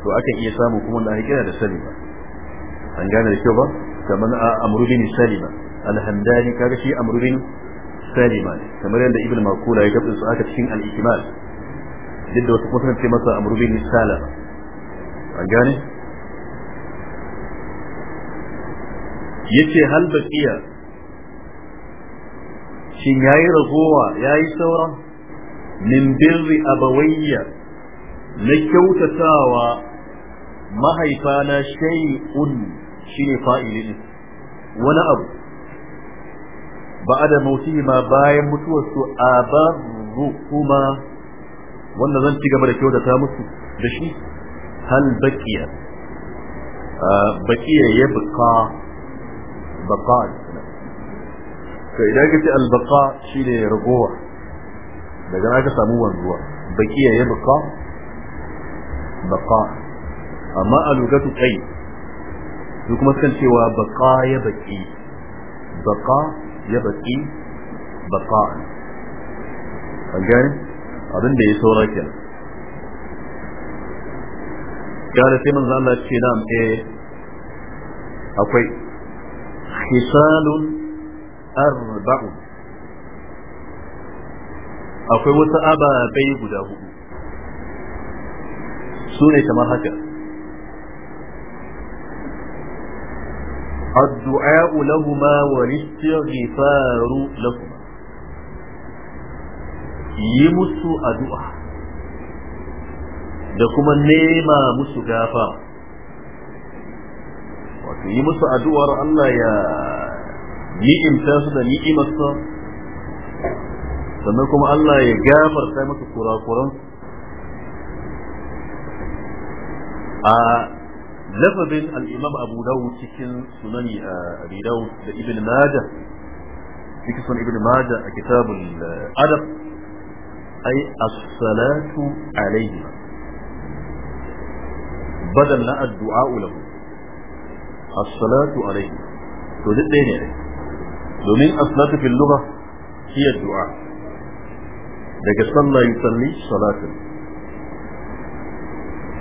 Speaker 1: to aka iya samu kuma da ake kira da salima an gane da kyau ba kamar amru bin salima alhamdani kaga shi amru bin salima kamar yadda ibn makula ya gabin su aka cikin al-ikmal duk da wasu kuma ce masa amru bin salama an gane yace hal baqiya shin yayi ragowa yayi sauran min birri abawayya na kyautatawa mahaifana shay'un shine fa'ili din wani abu ba'ada mauti ma bayan mutuwar su abaru kuma wannan zan ci gaba da kyautata musu da shi hal baqiya baqiya yabqa baqa to idan ka ce shi shine ragowa daga na ka samu wanzuwa baqiya yabqa baka amma a alugatu kai su kuma sukan cewa baqa ya baki baqa ya baqi baqa an gane abin da ya saura kenan kare sai manzo Allah ce na'am eh akwai khisalun arba'un akwai wata ababai guda hudu su ne kamar haka addu'a lahuma wa istighfaru lakum yi musu addu'a da kuma nema musu gafa wato yi musu addu'ar Allah ya ni'imta su da ni'imarsa sannan kuma Allah ya gafarta musu kurakuran a lafazin al'imam abu dawud cikin sunani a abi dawud da ibn majah cikin sunan ibn majah a kitabul adab ay as-salatu alayhi badal na addu'a lahu as-salatu alayhi to duk ɗaya ne domin as-salatu fil lugha hiya du'a daga sallah yusalli salatu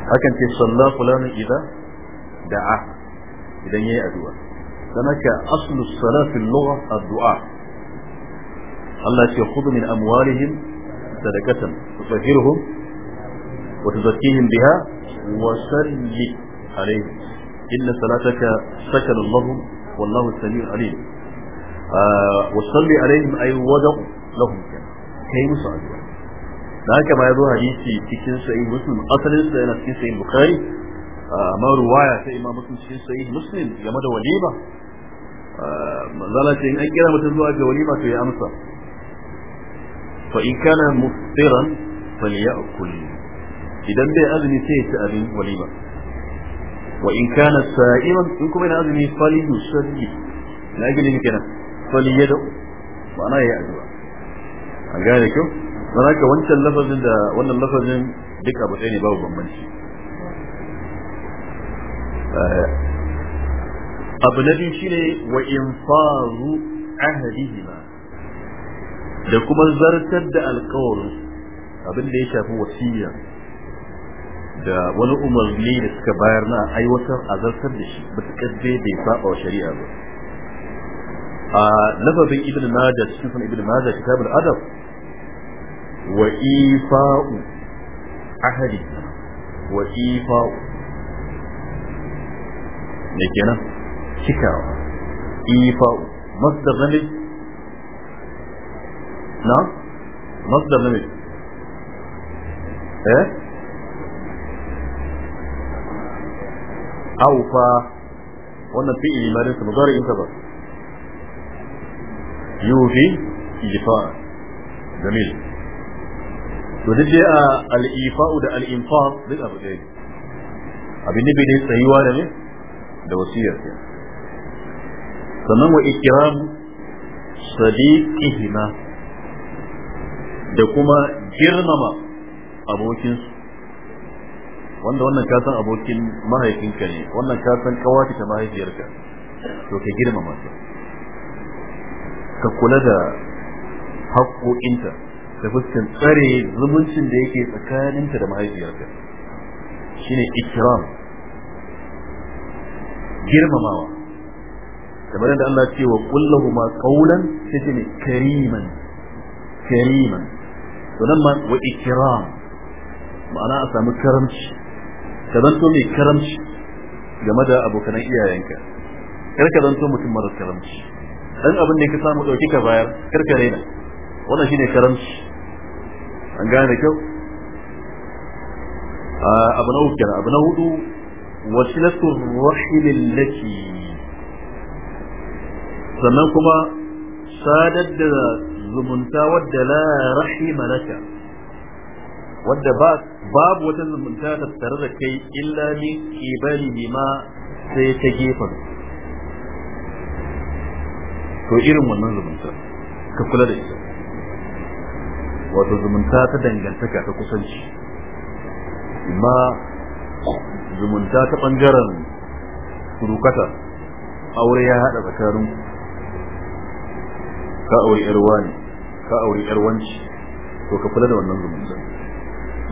Speaker 1: hakan ce sallah fulana idan da'a idan yayi addu'a sanaka aslu salat al-lugha ad-du'a Allah ya khudh min amwalihim sadaqatan tutahhiruhum wa tuzakkihim biha wa salli alayhim inna salataka sakanun lahum wallahu samiu alim ah, wa salli alayhim ay wada lahum kai musu addu'a da haka ma yazo hadisi cikin sahih muslim asalin sa yana cikin sahih bukhari ma ruwaya ta imam muslim cikin sahih muslim game da walima manzala ce in an kira mutum zuwa ga walima to ya amsa fa in kana muftiran falyakul idan bai azumi sai ya ci abin walima wa in kana sa'iman in kuma yana azumi falyusalli na gidi kenan falyadu ma'ana ya addu'a an gane kyau don haka wancan lafazin da wannan lafazin duka ba ne babu bambanci abu na biyu shine wa infaru ahadihima da kuma zartar da alkawarin abin da ya shafi wasiya da wani umarni da suka bayar na aiwatar a zartar da shi ba su bai saba wa shari'a ba a lafafin ibn majah cikin ibn majah kitabul adab wa ifa'u ahadi wa ifa'u me kenan cikawa ifa'u masdar namiji na masdar namiji eh aufa wannan fi'ili ma dinsa mudari insa ba yufi ifa'a jamil to duk dai a al-ifa'u da al-infaq duk abu ɗaya abin nufi dai tsayuwa da ne da wasiyar sa sannan wa ikram sadiqihima da kuma girmama abokinsu wanda wannan ka san abokin mahaifinka ne wannan ka san kawaki ta mahaifiyarka to ka girmama ta ka kula da haƙoƙinta da fuskan tsare zumuncin da yake tsakaninta da mahaifiyarka shine ikram girmamawa kamar yadda Allah ce wa kullahu ma qawlan sai ne kariman kariman to nan ma wa ikram ma'ana a samu karamci ka zanto mai karamci game da abokan iyayenka kar ka zanto mutum mara karamci dan abin da ka samu dauki ka bayar kar ka raina wannan shine karamci an gane kyau ah, abu na uku abu na hudu wasilatul rahim allati sannan kuma sadar da zumunta wadda la rahima laka wadda ba babu wata zumunta ta tare da kai illa min qibali ma sai ta gefen to irin wannan zumunta ka kula da ita wato zumunta ta dangantaka ta kusanci ma. zumunta ta ɓangaren surukata aure ya hada tsakanin ka aure yar ne ka aure yar to ka kula da wannan zumunta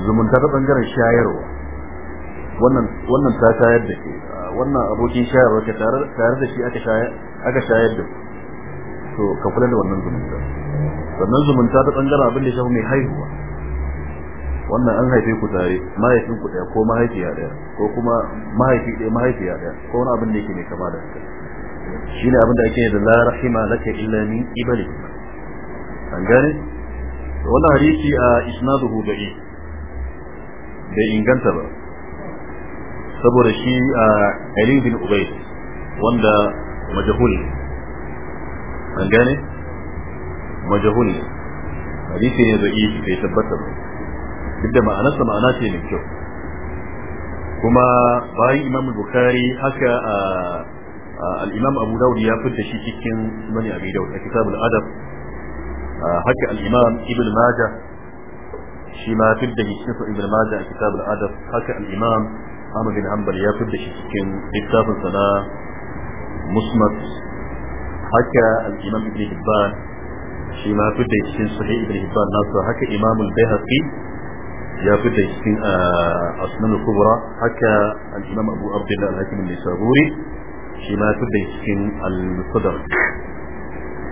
Speaker 1: zumunta ta ɓangaren shayarwa wannan wannan ta shayar da ke wannan abokin shayarwa ke tare da shi aka shayar aka shayar da to ka kula da wannan zumunta sannan zumunta ta bangaren abin da ya shafi mai haihuwa wannan an haife ku tare mahaifin ku daya ko mahaifiya daya ko kuma mahaifi daya mahaifiya daya ko wani abin da yake mai kama da haka shine abin da ake da la rahima laka illa min ibali an gane wannan hadisi a isnaduhu yi bai inganta ba saboda shi a Ali bin Ubay wanda majahul an gane majahul hadisi ne yi bai tabbata ba duk da ma'anarsa ma'ana ce mai kyau kuma bayan imam bukhari haka al-imam abu daud ya fitta shi cikin mani abi daud a kitabul adab haka al-imam ibn majah shi ma fitta shi cikin ibn majah a kitabul adab haka al-imam ahmad bin hanbal ya fitta shi cikin littafin sana musnad haka al-imam ibn hibban shi ma fitta shi cikin sahih ibn hibban nasu haka imam al-baihaqi ya fita cikin ah, asnan kubra haka al-imam abu abdullah al-hakim an-nisaburi shi ma fita cikin al-sadr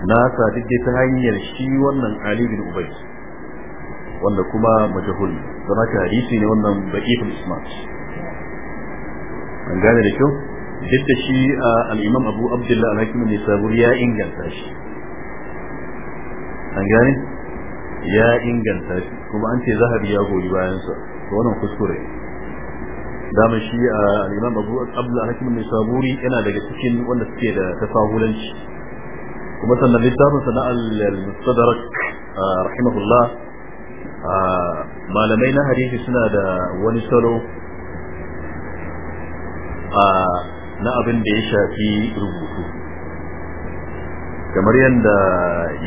Speaker 1: na sa ta hanyar shi wannan ali bin ubay wanda kuma majhul don haka hadisi ne wannan da'ifun ismat an gane da kyau duk shi ah, abu ya inganta shi ya inganta kuma an ce zahabi ya goyi bayansa to wannan kuskure dama shi a al'imam abu abdullah hakim mai saburi yana daga cikin wanda suke da tasahulanci kuma sannan littafin sana al-mustadrak rahimahullah malamai na hadisi suna da wani salo na abin da ya shafi rubutu kamar yadda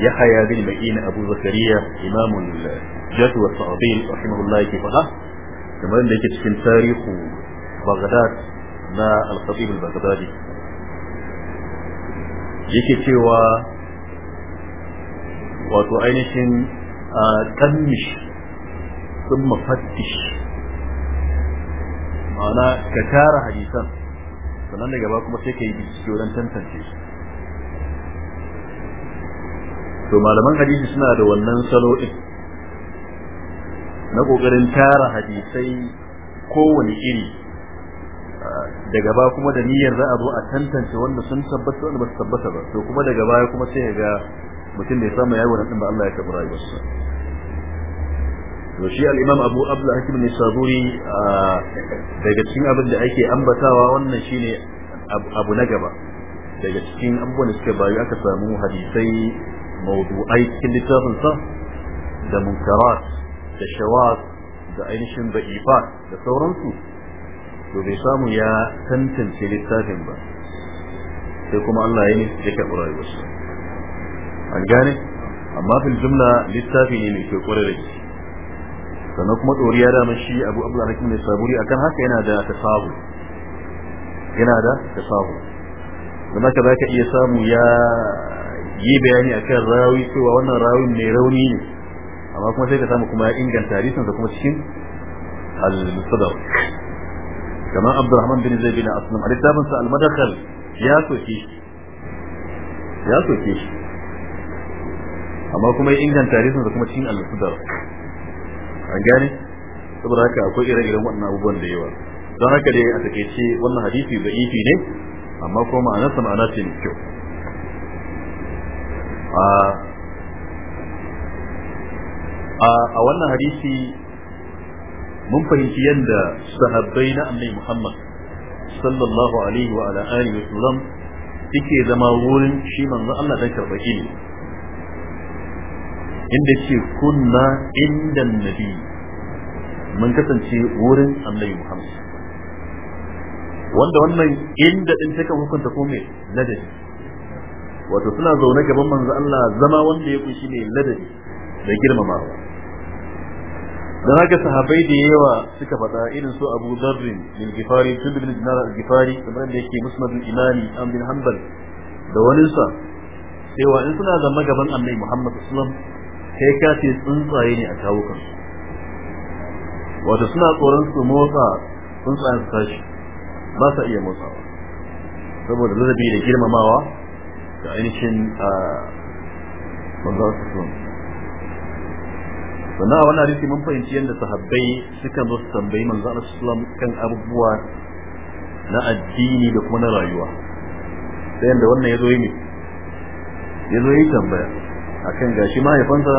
Speaker 1: yahaya bin ma'in abu zakariya imamul jadu wa sa'adil rahimahullah yake faɗa kamar yadda yake cikin tarihu bagdad na al-khatib al-baghdadi yake cewa wato ainihin tanmish sun mafattish ma'ana ka tara hadisan sannan daga ba kuma sai ka yi bincike wajen tantance su to malaman hadisi suna da wannan salo din na kokarin tara hadisai kowane iri daga ba kuma da niyyar za a zo a tantance wanda sun tabbata wanda ba su tabbata ba to kuma daga baya kuma sai ga mutum da ya samu yayi wannan ba Allah ya kabura ya wasu to shi al-Imam Abu Abdul Hakim ne saburi daga cikin abin da ake ambatawa wannan shine abu na gaba daga cikin abubuwan da suke bayu aka samu hadisai mawdu'ai cikin littafin sa da munkarat da shawaz da ainihin da'ifat da sauransu to bai samu ya tantance littafin ba sai kuma Allah ya yi ya karɓi an gane amma fil jumla littafi ne mai kyau kwarai da sannan kuma ɗoriya dama shi abu abu hakim ne saburi akan haka yana da tasahu yana da tasahu don haka za ka iya samu ya yi bayani akan rawi cewa wannan rawin mai rauni ne amma kuma sai ka samu kuma ya inganta hadisin da kuma cikin al-musaddaq kamar Abdurrahman bin Zaid bin Aslam a littafin sa al-Madakhal ya soke shi ya soke shi amma kuma ya inganta hadisin da kuma cikin al-musaddaq an gane saboda haka akwai ire-iren wannan abubuwan da yawa don haka dai a takeice wannan hadisi da ifi ne amma kuma ma'anarsa ma'ana ce mai kyau a wannan hadisi mun fahimci yadda sahabbai na annabi Muhammad sallallahu alaihi wa ala alihi wa sallam yake zama wurin shi manzo Allah dan karɓa ilimi inda ce kunna inda nabi mun kasance wurin annabi Muhammad wanda wannan inda din take hukunta ko me ladabi wato suna zaune gaban manzo Allah zama wanda ya kunshi ne ladabi da girmamawa dan haka sahabbai da yawa suka faɗa irin su Abu Dharr bin Gifari tun bin Dinar al-Gifari kamar da yake Musnad al-Imani an bin Hanbal da wani sa cewa in suna zama gaban Annabi Muhammad sallallahu alaihi wasallam kai ka ce tsuntsaye ne a tawukan. kansu wato suna tsoron su motsa tsuntsayen su tashi ba sa iya motsawa saboda ladabi da girmamawa da ainihin manzo sun sannan a wani hadisi mun fahimci yadda sahabbai suka zo su tambayi manzo Allah sallam kan abubuwa na addini da kuma na rayuwa sai yadda wannan ya zo yi ne ya zo yi tambaya akan gashi mahaifansa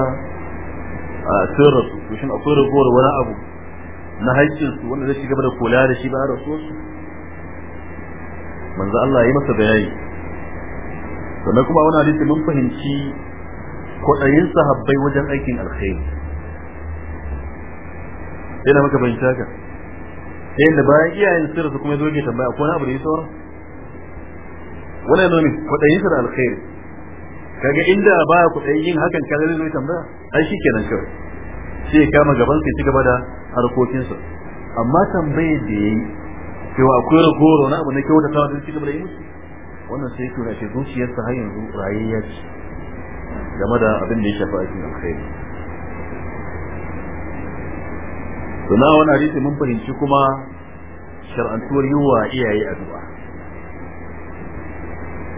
Speaker 1: a sirrin su shin akwai ragowar wani abu na haƙƙin su wanda zai shiga da kula da shi ba da su manzo Allah ya yi masa bayani sannan kuma wani hadisi mun fahimci kwaɗayin sahabbai wajen aikin alkhairi yana maka fahimci taka ta da bayan iyayen sirri su kuma zo ke tambaya ko na abu da ya saura? wani yana ne kwaɗayin sa da alkhairi kaga inda ba kwaɗayin yin hakan kaga zai zo ya tambaya ai shi kenan kawai sai ya kama gaban ka ci gaba da harkokinsa amma tambayar da ya yi cewa akwai ragoro na abu na kyautata wanda ci gaba da yi musu wannan sai tuna ce zuciyarsa har yanzu rayayya ce game da abin da ya shafi aikin alkhairi suna wani hadisi mun fahimci kuma shar'antuwar yi wa iyaye addu'a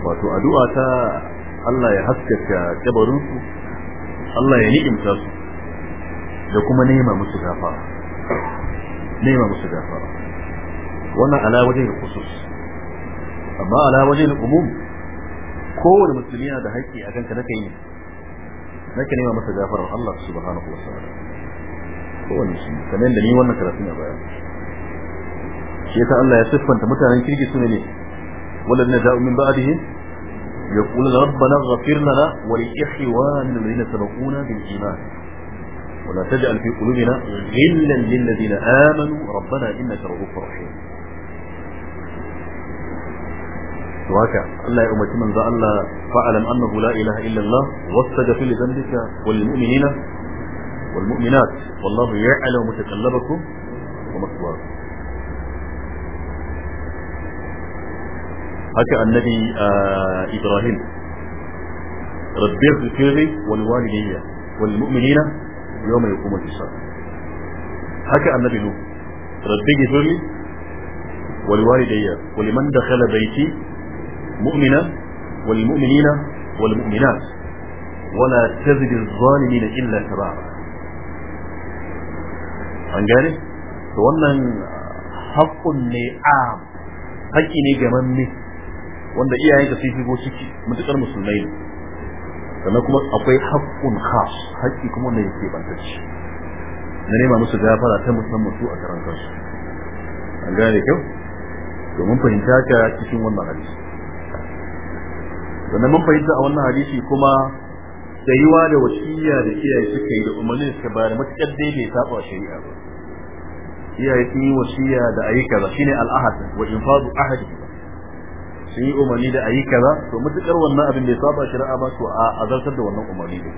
Speaker 1: wato addu'a ta Allah ya haskaka kabarinsu Allah ya ni'imta su da kuma nema musu gafara nema musu gafara wannan ala wajen kusus amma ala wajen umum kowane musulmi yana da haƙƙi a kanka nake yi nake nema masa gafarar Allah subhanahu wa ta'ala kowane shi kamar da ni wannan karatu ne baya shi yasa Allah ya siffanta mutanen kirki sune ne walladina ja'u min ba'dihim يقول ربنا اغفر لنا ولإخواننا الذين سبقونا بالإيمان ولا تجعل في قلوبنا غلا للذين آمنوا ربنا إنك رؤوف رحيم to haka Allah ya umarci manzo Allah fa'alam annahu la ilaha illa Allah wastaghfir li dhanbika wal mu'minina wal mu'minat wallahu ya'lamu mutaqallabakum wa maswaakum haka annabi Ibrahim rabbi ighfirli wal walidayya wal mu'minina yawma yaqumul hisab haka annabi Nuh rabbi ighfirli wal walidayya wa liman dakhala bayti mu'mina wal mu'minina wal mu'minat wala tazid az-zalimin illa tabara an gane to wannan haƙƙun ne a haƙƙi ne gaman ne wanda iyayen ka sai shigo ciki mutukar musulmai ne sannan kuma akwai haƙƙun khas haƙƙi kuma wanda yake bantacce na nema musu gafara ta musamman su a karan kansu an gane kyau domin fahimta ka cikin wannan hadisi sannan mun fahimta a wannan hadisi kuma tsayuwa da wasiya da kiyaye suka yi da umarnin suka bayar matuƙar dai bai saba wa shari'a ba iyaye sun yi wasiya da ayi kaza shine al'ahad wa infadu ahadi sun yi umarni da ayi kaza to matuƙar wannan abin da ya saba shari'a ba to a azartar da wannan umarni ne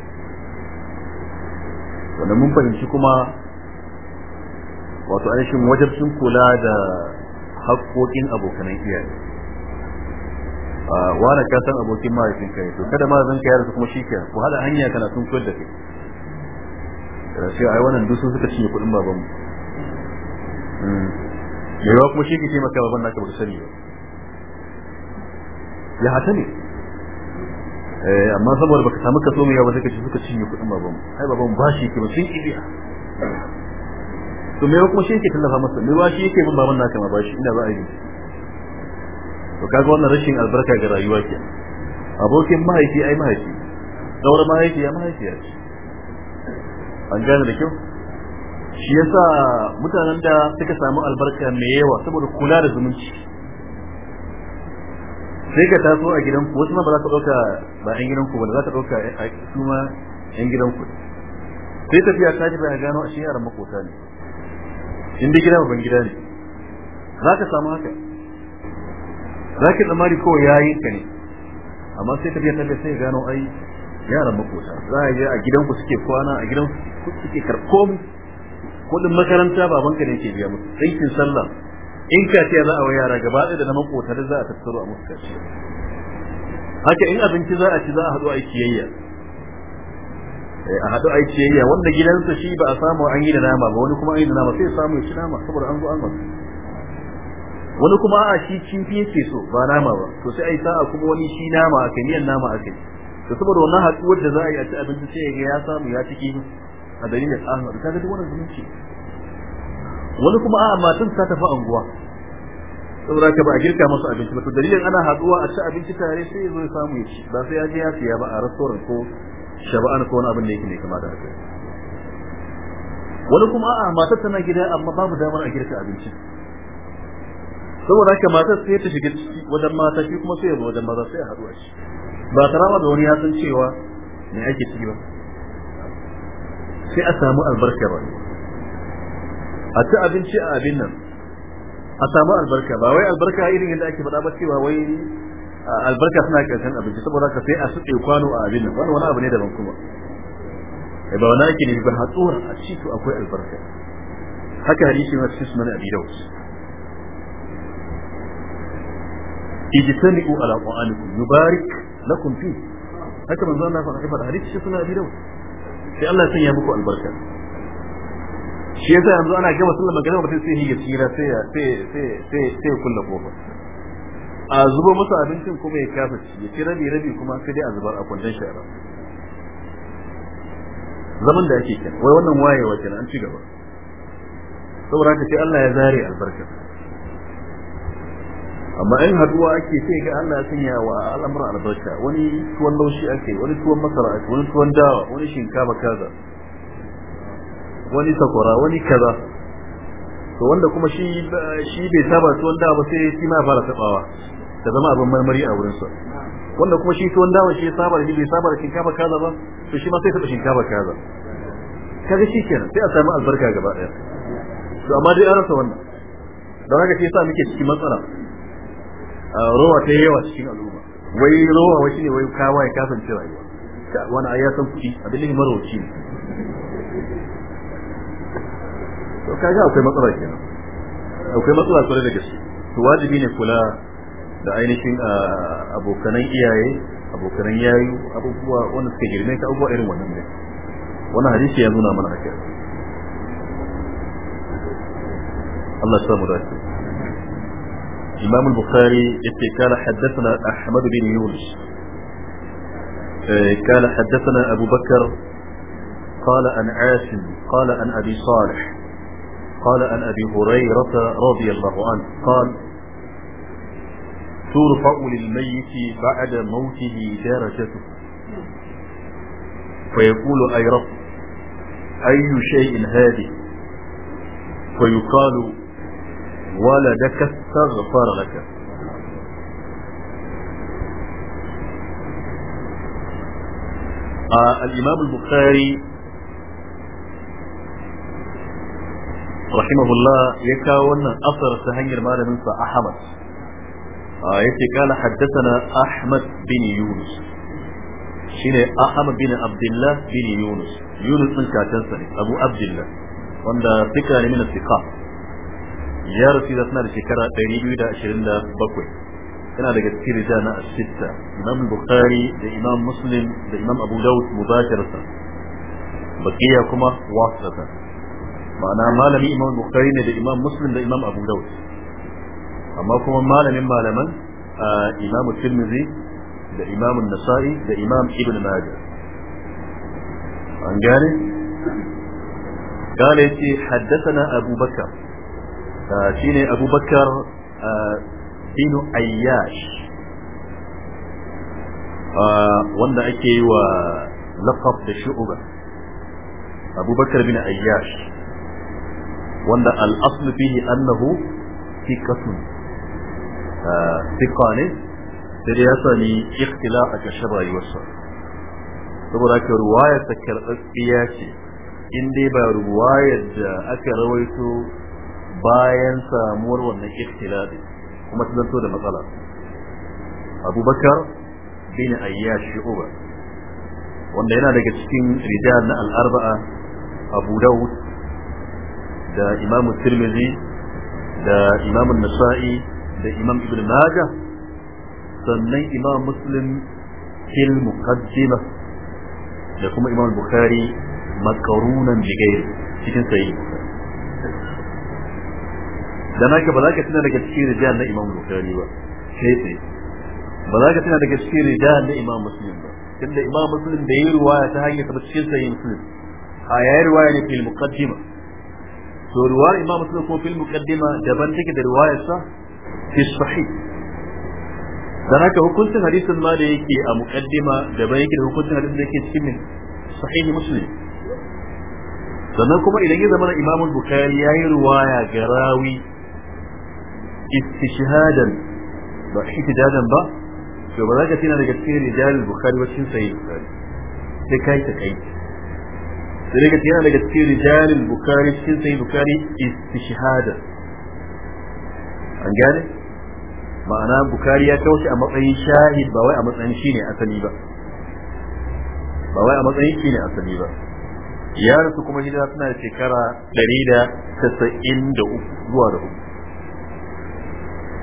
Speaker 1: sannan mun fahimci kuma wato ainihin wajabcin kula da haƙƙoƙin abokanan iyaye wani ka san abokin mahaifin ka to kada ma mahaifin ka yarda kuma shi kenan ku hada hanya kana sun koyar da kai sai ai wannan dusu suka cinye kuɗin baban mu da hmm. yawa kuma shi ke taimaka baban naka baka sani ba ya hata ne eh, amma saboda baka samu kaso mai yawa sai suka cinye kuɗin baban mu ai baban ba shi ke ba sun ibiya to me kuma shi ke tallafa masa me ba shi yake min baban naka ma ba shi ina za a yi to kaga wannan rashin albarka ga rayuwa ke abokin mahaifi ai mahaifi daura mahaifi ya mahaifi ya ce an gane da kyau shi yasa mutanen da suka samu albarka mai yawa saboda kula da zumunci sai ka taso a ku wasu ma ba za ka ɗauka ba 'yan gidan ku ba za ka ɗauka a su ma 'yan ku sai tafiya ta ji a gano a shi yaran makota ne in dai gida ban gida ne za ka samu haka zaki tsammani ko yayi ka ne amma sai tafiya tafiya sai gano ai yaran makota za a je a gidanku suke kwana a gidan ku suke karkom kudin makaranta baban ka ne ke biya musu ɗinkin sallah in ka ce za a wa yara gaba ɗaya da na makota da za a tattaro a musu kashi haka in abinci za a ci za a haɗu a kiyayya eh, a haɗu a kiyayya wanda gidansa shi ba a samu an yi da nama ba wani kuma an yi da nama sai samu ya ci nama saboda an zo an masu wani kuma a shi kifi yake so ba nama ba to sai ai sa'a kuma wani shi nama a kai miyan nama kai to saboda wannan haɗuwar da za a yi a ci abinci sai ya ga ya samu ya ci kifi a dalilin Ahmad kaga duk wannan zumunci wani kuma a'a matan ta tafi anguwa saboda ka ba a girka masu abinci ba to dalilin ana haɗuwa a ci abinci tare sai ya zo ya samu ya ci ba sai ya je ya siya ba a restaurant ko shaba'an ko wani abin da yake ne kama da haka wani kuma a'a matar tana gida amma babu damar a girka abinci saboda haka matar sai ta shiga wajen mata shi kuma sai ya zo wajen maza sai a haɗu a shi ba ta rama da wani ya san cewa me ake ciki ba sai a samu albarka ba a ci abinci a abin nan a samu albarka ba wai albarka irin yadda ake faɗa ba cewa wai albarka suna karshen abinci saboda haka sai a suɗe kwano a abin nan wani abu ne daban kuma eh, ba wani ake ne ba hatsuwar a ci to akwai albarka haka hadisi na cikin sunan abi dawud ijtani'u ala qur'anikum yubarik lakum fi haka manzo Allah fa kafa hadisi shi suna bi dawo sai Allah ya sanya muku albarka shi yasa yanzu ana gama sallar magana mutum sai ya tsira sai ya sai sai sai kullu kofa a zuba masa abincin kuma ya kafa shi ya ci rabi rabi kuma sai dai a zubar a kwandon shara zaman da ake kenan wai wannan wayewa kenan an ci gaba saboda haka sai Allah ya zare albarka amma in haduwa ake sai ga Allah ya sanya wa al'amura albarka wani tuwon laushi ake wani tuwon masara ake wani tuwon dawa wani shinkafa kaza wani sakwara wani kaza to wanda kuma shi shi bai saba tuwon dawa ba sai shi ma fara tabawa ta zama abin marmari a wurinsa wanda kuma shi tuwon dawa shi ya saba da shi bai saba da shinkafa kaza ba to shi ma sai taɓa shinkafa kaza kaga shi kenan sai a samu albarka gaba ɗaya to amma dai an rasa wannan don haka shi yasa muke cikin matsala Ah, rowa ta yi yawa cikin al'umma wai rowa wai ne wai kawai ya kasance rayuwa wani ai ya san kuɗi abin ne marauci ne to kaga akwai matsala kenan akwai matsala kwarai da gaske to wajibi ne kula da ainihin ah, abokanan iyaye abokanan yayu abubuwa wanda suka girme ka abubuwa irin wannan ne wannan hadisi ya nuna mana haka Allah samu dace الإمام البخاري كان حدثنا أحمد بن يونس آه، كان حدثنا أبو بكر قال عن عاصم قال عن أبي صالح قال عن أبي هريرة رضي الله عنه قال ترفع للميت بعد موته درجته فيقول أي رب أي شيء هذه فيقال ولدك استغفر لك آه، الإمام البخاري رحمه الله يكاون أثر سهنجر مال من أحمد آه، يتي قال حدثنا أحمد بن يونس شيني أحمد بن عبد الله بن يونس يونس من كاتنسني أبو عبد الله وانا فكر من الثقاء ya rasu da suna da shekara 227 yana daga cikin rija na asita imam bukhari da imam muslim da imam abu daud mubasharata bakiya kuma wasata ma'ana malami imam bukhari ne da imam muslim da imam abu daud amma kuma malamin malaman imam tirmidhi da imam nasa'i da imam ibn majah an gane قال يتي حدثنا أبو بكر shine abubakar bin ayyash wanda ake yi wa laqab da shu'uba abubakar bin ayyash wanda al-aslu fihi annahu thiqatun thiqa ne sai ya sani ikhtila a kashin rayuwarsa saboda haka ruwayar ta karɓaɓɓiya ce in dai ba ruwayar da aka rawaito bayan samuwar wannan ikhtilafi kuma su zanto da matsala abubakar bin ayyash shu'uba wanda yana daga cikin rijal na al-arba'a abu daud da imam tirmidhi da imam nasa'i da imam ibn majah sannan imam muslim fil muqaddima da kuma imam bukhari makarunan bigayri cikin sahihi dan haka ba za ka tuna daga cikin rijal na Imam Bukhari ba sai sai ba za ka tuna daga cikin rijal na Imam Muslim ba tunda Imam Muslim da yi ruwaya ta hanyar ta cikin sahih Muslim a yayi ruwaya ne fil muqaddima to ruwaya Imam Muslim ko fil muqaddima daban take da ruwaya sa fi sahih dan haka hukuncin hadisin ma da yake a muqaddima daban yake da hukuncin hadisin da yake cikin sahih Muslim sannan kuma idan ya zama na Imam ya yi ruwaya ga rawi استشهادا با استشهادا با شو بلاجة تينا دا جتكين رجال البخاري وشين سيد البخاري تكاي تكاي دريجة تينا دا جتكين رجال البخاري وشين سيد البخاري استشهادا عن جاني معنى بخاري يا كوشي اما اي طيب شاهد بواي اما اي طيب شيني اتني با بواي اما طيب شيني اتني با يا رسول كما هيدا اتنا الشكرا دريدا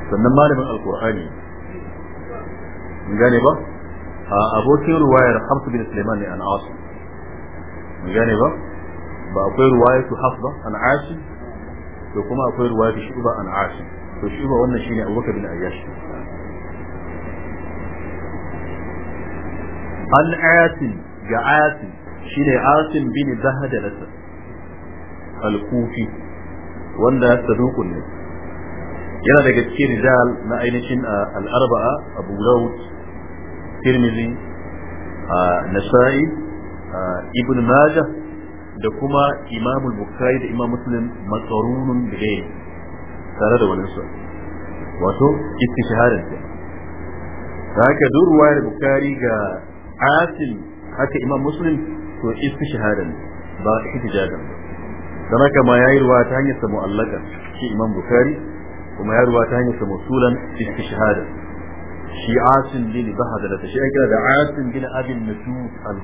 Speaker 1: sannan malamin alkur'ani gane ba a abokin ruwayar hamsu bin suleiman ne an asu gane ba ba akwai ruwayar su hafba an asu to kuma akwai ruwayar su shuba an asu to shuba wannan shine abubakar bin ayyash an ayatin ga ayatin shine asim bin zahada nasr al-kufi wanda ya saduqun ne yana daga cikin rijal na ainihin ah, al-arba'a Abu Dawud Tirmidhi ah, Nasa'i ah, Ibn Majah da kuma Imam Bukhari da Imam Muslim matsarunun bidai tare da wani su wato istishharin ta haka duk da Bukhari ga asin haka Imam Muslim to istishharin ba ihtijajan dan haka ma yayi ruwa ta hanyar sa mu'allaka shi Imam Bukhari kuma ya ruwa ta hanyar musulan istishhada shi asim bin bahadara ta shi ake da asim bin abin mutu al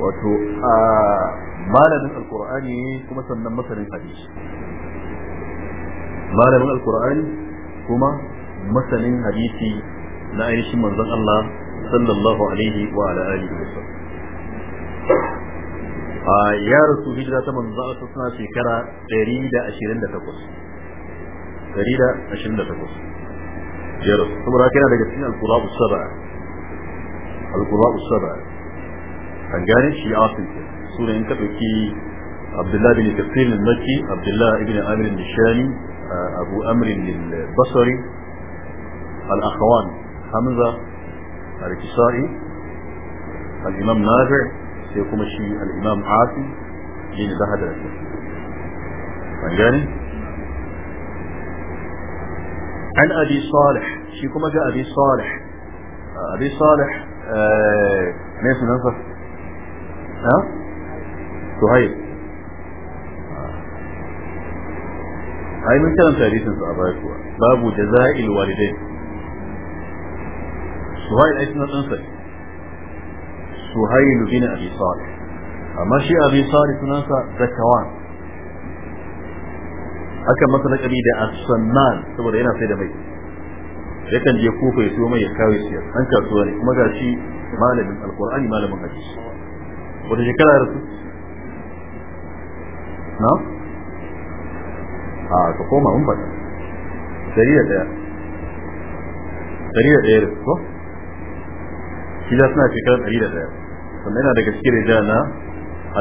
Speaker 1: wato a malamin alqur'ani kuma sannan masanin hadisi malamin alqur'ani kuma masanin hadisi na ainihin manzon Allah sallallahu alaihi wa ala alihi wasallam ya rasu hijira ta manzo Allah suna shekara 128 ثمرات هذا جسنا القراب السبع القراب السبع عن جانب شيعات سورة انت بكي عبد الله بن كثير المكي عبد الله ابن عامر النشاني آه، ابو امر البصري الاخوان حمزة الاتصائي الامام نافع سيكون الشيء الامام عاتي جين بهدر عن جانب عن أبي صالح شيكم جاء أبي صالح أبي صالح آه، من اسم نصر ها سهيل هاي آه. من كلام تاريخ أبايك باب جزاء الوالدين سهيل اسم نصر سهيل بن أبي صالح أما شيء أبي صالح نصر ذكوان akan masa lakabi da as-sannan saboda yana sai da mai yakan je kufa ya siyo mai ya kawo shi an kasuwa ne kuma gashi malamin alqur'ani malamin hadisi wata shekara ya rasu na a ka koma mun fata dari da daya dari da daya rasu ko shi da suna shekara dari da daya sannan yana daga cikin na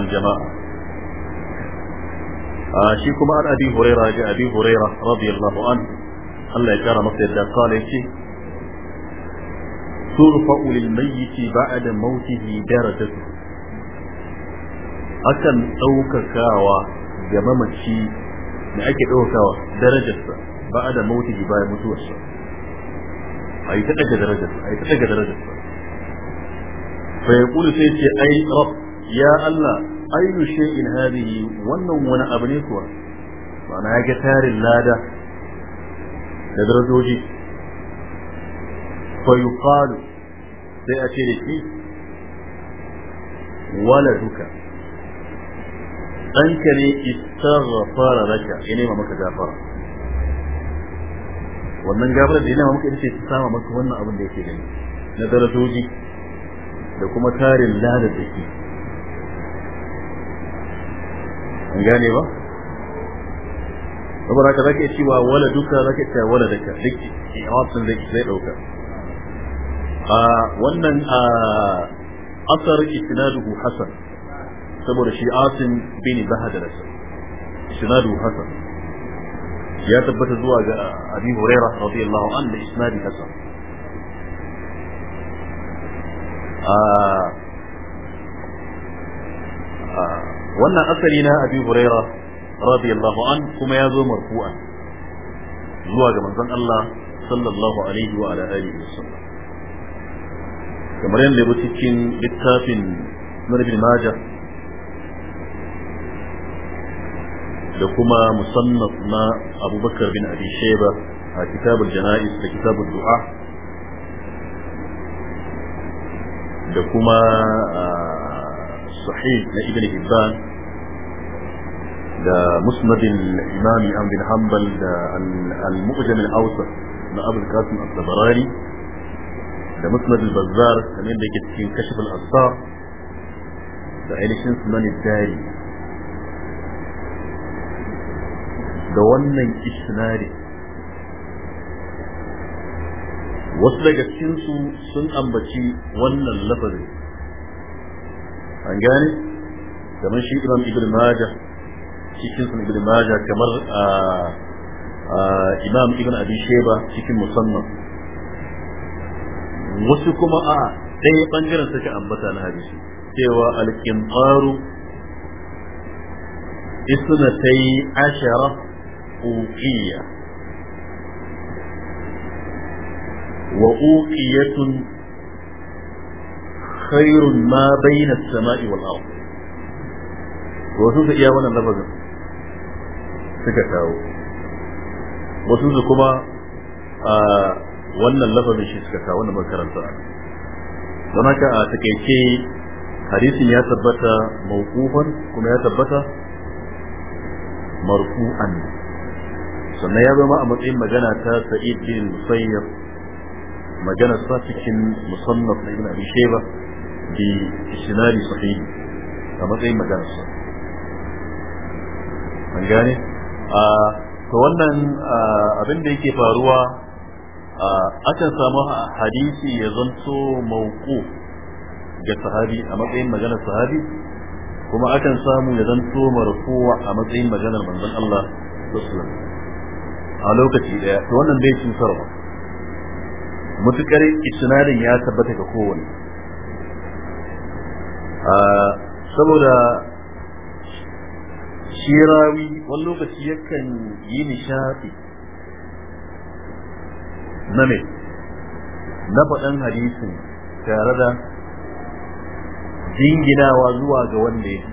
Speaker 1: aljama'a shi kuma an abi huraira ji abi huraira radiyallahu an Allah ya kara masa yadda kala yake turfa'u lil mayyiti ba'da mautihi darajatu akan daukakawa ga mamaci da ake daukakawa darajarsa ba'da mautihi bayan mutuwarsa ayi ta daga darajarsa ayi ta daga darajarsa fa yaqulu sai ce ai rabb ya Allah ayyu shay'in hadhihi wannan wani abu ne kuwa Bana ya ga tarin lada da darajoji fa yuqalu sai a ce da shi waladuka ɗanka ne istaghfara raka ya nema maka gafara wannan gafara da ya nema maka ita ce ta sama maka wannan abin da yake gani na darajoji da kuma tarin lada da ke an gane ba saboda haka zaka wa wala duka zaka ce wala daka duk iwasin da zai dauka a wannan a asar isnaduhu hasan saboda shi asin bin bahadar isnaduhu hasan ya tabbata zuwa ga abi hurairah radiyallahu anhu da isnadi hasan wannan asali na abi huraira radiyallahu an kuma ya zo marfu'an zuwa ga manzon Allah sallallahu alaihi wa ala alihi wasallam kamar yadda ya cikin littafin Ibn Majah da kuma musannaf na Abubakar bin Abi Shayba a kitabul janaiz da kitabul du'a da kuma الصحيح لابن حبان مسند الامام ام بن حنبل المؤجم الاوسط من ابو القاسم الطبراني ده مسند البزار كمان بيجي في كشف الاثار ده من الداري ده ونن اشناري وصل جسينسو سن امبتشي ونن لفظي an gane kamar shi imam ibn majah cikin sun ibn majah kamar imam ibn abi sheba cikin musamman wasu kuma a ɗaya ɓangaren suka ambata na hadisi cewa alƙimɓaru isna ta yi ashara uƙiya wa uƙiyatun khairun ma bayna as-sama'i wal ard wasu su iya wannan lafazin suka kawo wasu su kuma wannan lafazin shi suka kawo wannan makaranta don haka a takaice hadisin ya tabbata mawqufan kuma ya tabbata sannan ya zama a matsayin magana ta sa'id bin musayyab magana sa cikin musannaf ibn abi shayba bi isnadi sahih a matsayin magana su an gane a to wannan abin da yake faruwa akan samu hadisi ya zanto mauku ga sahabi a matsayin maganar sahabi kuma akan samu ya zanto marfuwa a matsayin maganar manzon Allah sallallahu a lokaci daya to wannan bai cutarwa mutukar isnadin ya tabbata ga kowanne saboda shirawi wani lokaci yakan yi nishaɗi na mai na faɗan hadisin tare da jinginawa zuwa ga wanda ya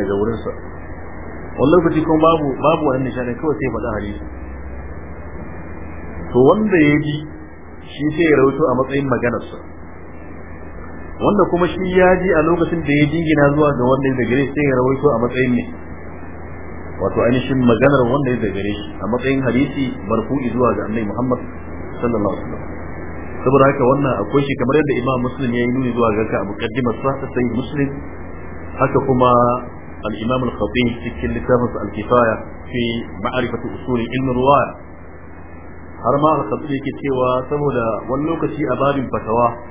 Speaker 1: daga wurinsa wani lokaci kuma babu babu wani nishaɗi kawai sai faɗan hadisin to wanda ya ji shi sai ya rauto a matsayin maganarsa wanda kuma shi ya ji a lokacin da ya jingina zuwa ga wanda ya gare sai ya rawaito a matsayin ne wato ainihin maganar wanda ya gare shi a matsayin hadisi marfu'i zuwa ga annabi Muhammad sallallahu alaihi wasallam saboda haka wannan akwai shi kamar yadda Imam Muslim ya yi nuni zuwa ga ka a muqaddimar sa ta sai Muslim haka kuma al-Imam al-Khatib cikin littafin al-Kifaya fi ma'rifatu usul ilm riwaya har ma al-Khatib yake cewa saboda wani lokaci a babin fatawa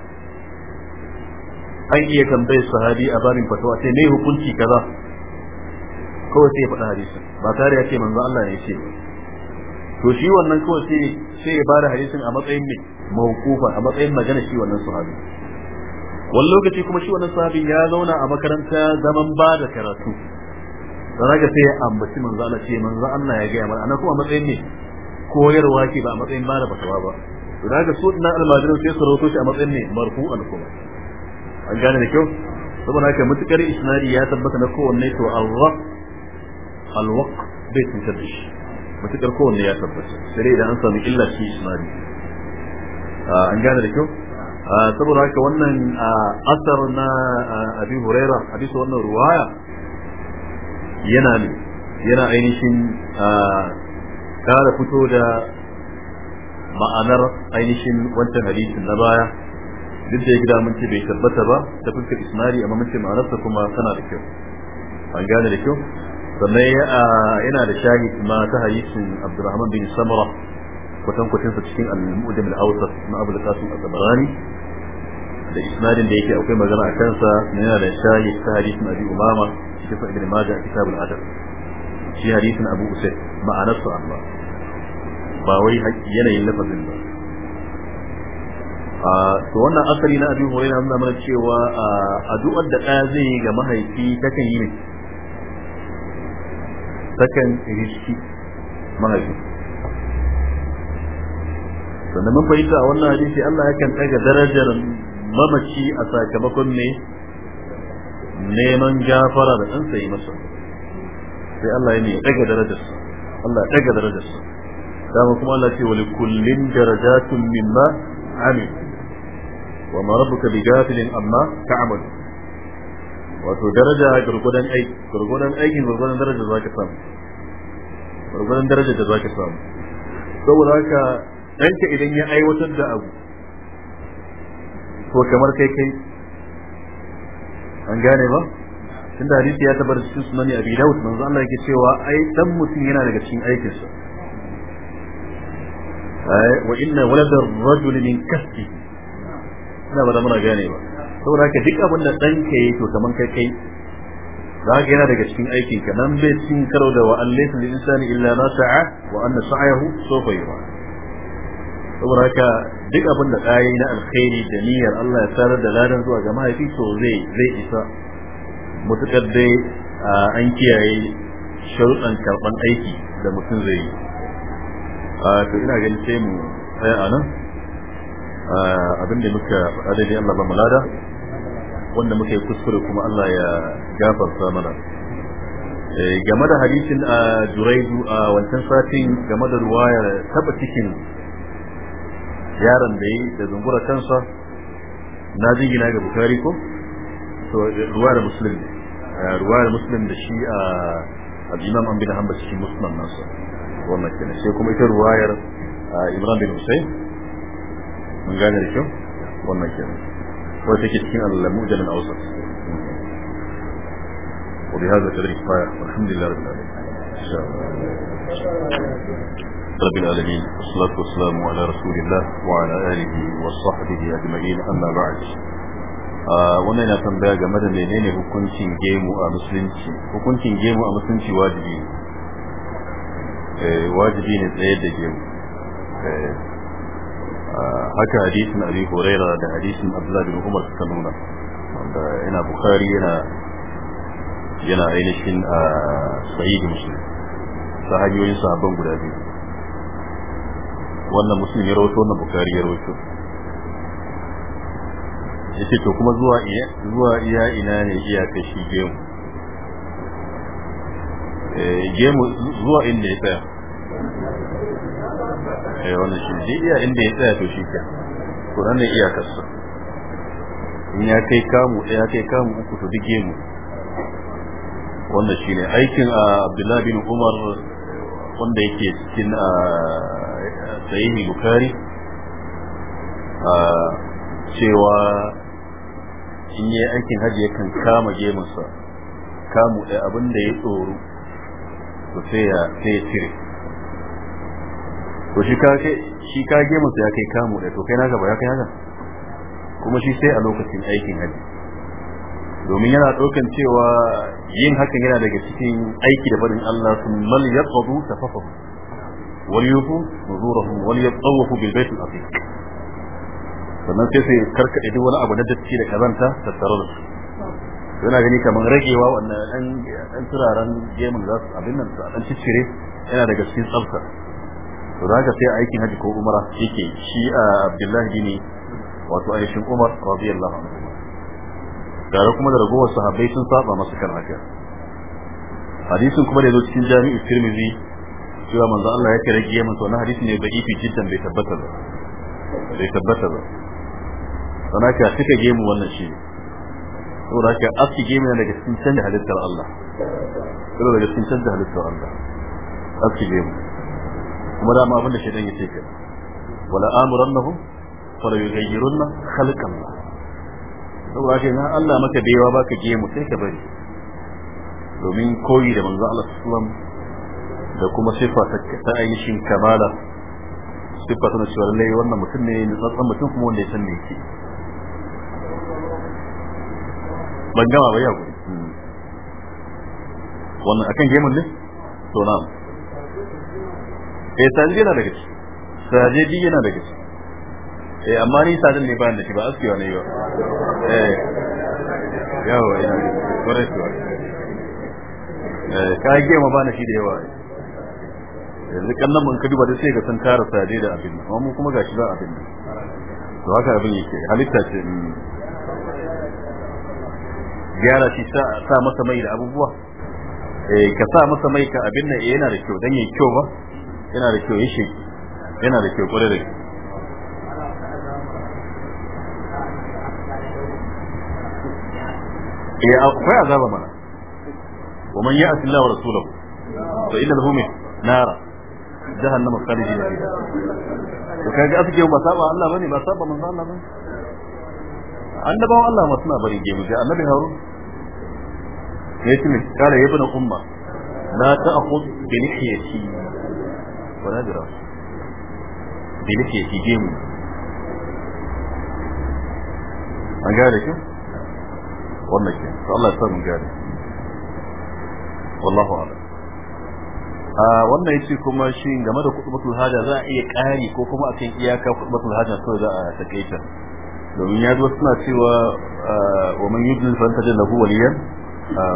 Speaker 1: an iya tambayar sahabi a barin fatawa sai ne hukunci kaza kawai sai ya faɗa hadisi ba tare ya ce manzo Allah ne ce to shi wannan kawai sai sai ya bada hadisin a matsayin mai mawqufa a matsayin magana shi wannan sahabi wani lokaci kuma shi wannan sahabi ya zauna a makaranta zaman ba da karatu raga sai ya ambaci manzo Allah ce manzo Allah ya gaya mana ana kuma matsayin ne koyarwa ke ba a matsayin ba da fatawa ba raga su ina almajirin sai su rawato shi a matsayin ne marfu'an kuma an gane da kyau saboda haka mutukar isnadi ya tabbata na kowanne to Allah alwaq bai cutar da shi mutukar kowanne ya tabbata sai dai idan an samu illa shi isnadi an gane da kyau saboda haka wannan asar na abi huraira hadisi wannan ruwaya yana ne yana ainihin kara fito da ma'anar ainihin wancan hadisin na baya duk da ya gida mun ce bai tabbata ba ta fuskar ismari amma mun ce ma'anarsa kuma tana da kyau an gane da kyau sannan yana da shahid ma ta hadisin Abdurrahman bin samura kwatan kwatan sa cikin al-Mu'jam al-Awsat na Abu al-Qasim al-Tabarani da ismarin da yake akwai magana a kansa yana da shahid ta hadisin Abi Umama cikin sa Ibn Majah kitab al-Adab shi hadisin Abu Usayd ma'anarsa amma ba wai yanayin lafazin ba to wannan asali na abin hore na mana cewa addu'ar da ɗaya zai yi ga mahaifi ta kan yi ne kan riski mahaifi sannan mun fahimta a wannan hadisi Allah ya kan ɗaga darajar mamaci a sakamakon ne neman gafara da ɗansa yi masa sai Allah ya ne ɗaga darajarsa Allah ya ɗaga darajarsa dama kuma Allah ce wa likullin darajatun mimma amin wa ma bi bigafilin amma ka ta'malu wato daraja gurgudan aiki gurgudan aiki gurgudan daraja zaka samu gurgudan daraja da ka samu saboda haka ɗanka idan ya aiwatar da abu Ko kamar kai kai an gane ba da hadisi ya tabbata cikin sunani abi daud manzo Allah yake cewa ai dan mutum yana daga cikin aikinsa wa inna walada rajul min kasbihi ina ba da muna gane ba saboda haka duk abin da to kaman kai kai za haka yana daga cikin aikin ka nan bai cin karo da wa allaysa lil insani illa ma sa'a wa anna sa'ahu sawfa yura saboda haka duk abin da na alkhairi da niyyar Allah ya sarar da ladan zuwa ga mahaifi to zai zai isa mutukar dai an kiyaye sharuɗan karɓan aiki da mutum zai yi to ina ganin sai mu tsaya a nan Ah, abin da muka faɗa daidai Allah ba mulada wanda muka yi kuskure kuma Allah ya gafarta mana eh, game da hadisin a ah, Juraidu a ah, wancan satin game da ruwayar taba cikin yaron da yi da zungura kansa na gina ga Bukhari ko to ruwayar Muslim eh, ruwayar Muslim da shi a al-Imam Ibn Hanbal cikin Muslim nasa wannan kenan sai kuma ita ruwayar Imran bin Husayn mun gane da kyau wannan kenan wanda take cikin al-lamu jalal awsat wa bi hadha kadri kifaya alhamdulillah rabbil alamin رب العالمين والصلاة والسلام على رسول الله وعلى آله وصحبه أجمعين wannan yana tambaya game da menene hukuncin gemu a musulunci hukuncin gemu a musulunci wajibi ne eh, wajibi ne tsaye da gemu eh. haka hadisin abi huraira da hadisin abdullahi bin umar suka nuna wanda yana bukhari yana yana ainihin a sahih muslim ta hanyoyin sahabban guda biyu wannan muslim ya rawaito wannan bukhari ya rawaito yace to kuma zuwa iya zuwa iya ina ne iya ta shi gemu eh gemu zuwa inda ya tsaya eh wannan shi dai iya inda ya tsaya to shi ke Qur'an ne iya kasa in ya kai kamu eh, ya kai kamu uku to dige mu Wanda shi ne aikin ah, Abdullahi bin Umar wanda yake cikin ah, sahih Bukhari ah, cewa in yi aikin hajji yakan kama gemunsa kamu ɗaya abin da ya tsoro to sai ya cire to shi kage shi kage musu ya kai kamu da to kai na gaba ya kai haka kuma shi sai a lokacin aikin haji domin yana daukan cewa yin hakan yana daga cikin aiki da barin Allah sun mal yaqdu tafafahu wal yufu nuzurahum wal yatawafu bil bayt al atiq sannan sai sai karkade duk wani abu na datti da kazanta tattare da yana gani kamar ragewa wannan dan dan turaren gemin za su abin nan su dan ciccire yana daga cikin tsafta to da haka sai aikin haji ko umara yake shi a abdullahi gini wato aishin umar radiyallahu anhu tare kuma da ragowar sahabbai sun saba masa kan haka hadisin kuma da yazo cikin jami'i tirmizi cewa manzo Allah ya kira giya mun na hadisi ne bai fi jiddan bai tabbata ba bai tabbata ba sana ka suka gemu wannan shi saboda Ka aski gemu ne daga cikin canza halittar Allah saboda daga cikin canza halittar Allah aski gemu kuma dama abin da shaitan ya ce ke wala amurannahum fala yughayyirunna khalqan saboda shi na Allah maka bewa baka gemu sai ka bari domin koyi da manzo Allah sallallahu da kuma sifa ta ainihin kamala sifa ta cewa lallai wannan mutum ne ne tsatsan mutum kuma wanda ya san me yake ban gama ba yau hmm. wannan akan gemun ne to na'am eh saji yana daga ciki bi yana daga ciki eh amma ni sajin ne bayan da shi ba askewa ne yau eh yawa ina kwarai kuwa eh ka gema ba na shi da yawa yanzu kallon mun kadu ba da sai ga san tara saje da abin amma mu kuma gashi ba abin to haka abin yake halitta ce mm. gyara shi sa masa mai da abubuwa eh ka sa masa mai ka abin nan eh, yana da kyau dan yayi kyau ba yana da kyau yashe eh, yana da kyau kwarai da kyau ya eh, akwai azaba mana wa man ya'ti Allah wa rasulahu fa inna lahu min nara jahannama khalidin fiha
Speaker 2: to kaga afike
Speaker 1: ba saba Allah bane ba saba manzo Allah bane annabawan Allah ma suna bari gemu ga annabi Harun ne shi ne kare ibn umma la ta'khud bi lihiyati banabira da nake ya shige mu an gane shi wannan shi to Allah ya sa mu gane wallahu a'lam a wannan yace kuma shi game da kutubatul haja za a iya ƙari ko kuma akan iyaka kutubatul haja so za a takaita domin ya zo suna cewa wa man yudlil fanta lahu waliyan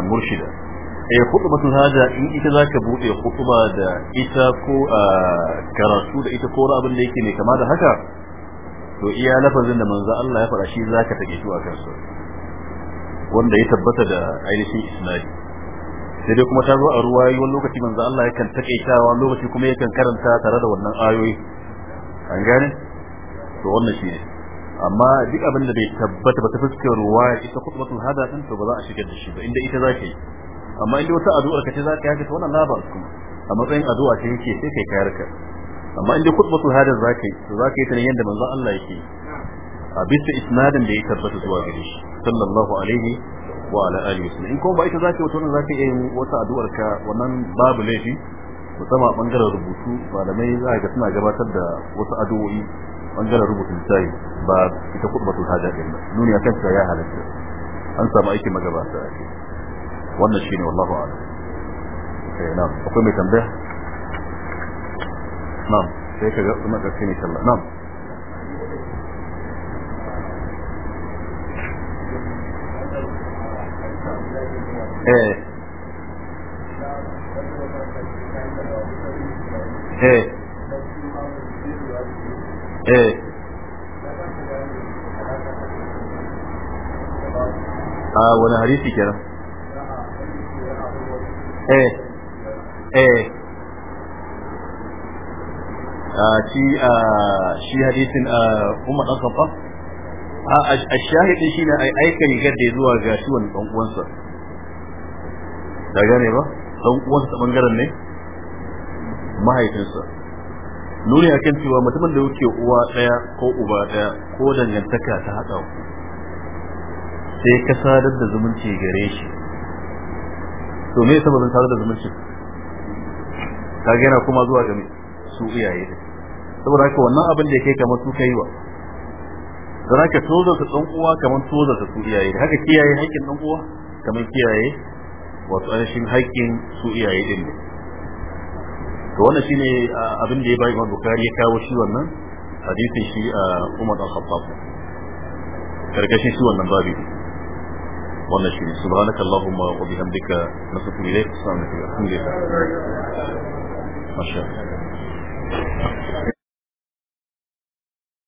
Speaker 1: murshida eh masu haja in ita za zaka bude khutba da ita ko a karatu da ita ko abin da yake mai kama da haka to iya lafazin da manzo Allah ya fara shi za ka take shi a kansa wanda ya tabbata da ainihin isnadi sai dai kuma ta zo a ruwayi wani lokaci manzo Allah yakan takaitawa lokaci kuma yakan karanta tare da wannan ayoyi an gane to wannan shi ne amma duk abin da bai tabbata ba ta fuskar ruwaya ita khutbatul hada din to ba za a shigar da shi ba inda ita zaka yi amma inda wata addu'ar ka za ka yi ta wannan labar kuma a matsayin addu'a ce yake sai kai kayar ka amma inda khutbatul hadar za ka yi za ka yi ta ne yadda manzon Allah yake a bisa isnadin da ya tabbata zuwa gare shi sallallahu alaihi wa ala alihi wasallam in ko ba ita za ka yi wata wannan za ka yi wata addu'ar ka wannan babu laifi musamman a bangaren rubutu malamai za ka suna gabatar da wasu addu'o'i bangaren rubutun misali ba ita khutbatul hadar din ba nuni akan cewa ya halatta an samu aikin magabata a wannan shine wallahu a'lam eh na'am akwai mai tambaya na'am sai ka ga kuma ka kini sallah na'am
Speaker 2: eh eh eh
Speaker 1: a wani hadisi kenan eh eh ah, shi ah, shi hadisin kuma ah, dan kafa a shahidin shine ai aika gaddai zuwa ga shi wannan dan uwansa da gane ba dan uwansa ta bangaren ne mahaifinsa nuni akan cewa mutumin da yake uwa daya ko uba daya ko dangantaka ta hada sai ka sadar da zumunci gare shi to me sababin tare da zumunci kage yana kuma zuwa ga su iyaye ne saboda haka wannan abin da yake kamar su kai wa dan haka tozo da dan uwa kamar tozo da su iyaye ne haka kiyaye haƙin dan uwa kamar kiyaye wato shin haƙin su iyaye din ne to wannan shine abin da ya bai Imam Bukhari ya kawo shi wannan hadisin shi Umar al Khattab karkashin shi wannan babu والنشيد سبحانك اللهم وبحمدك نصف إليك السلام عليكم
Speaker 2: ما شاء الله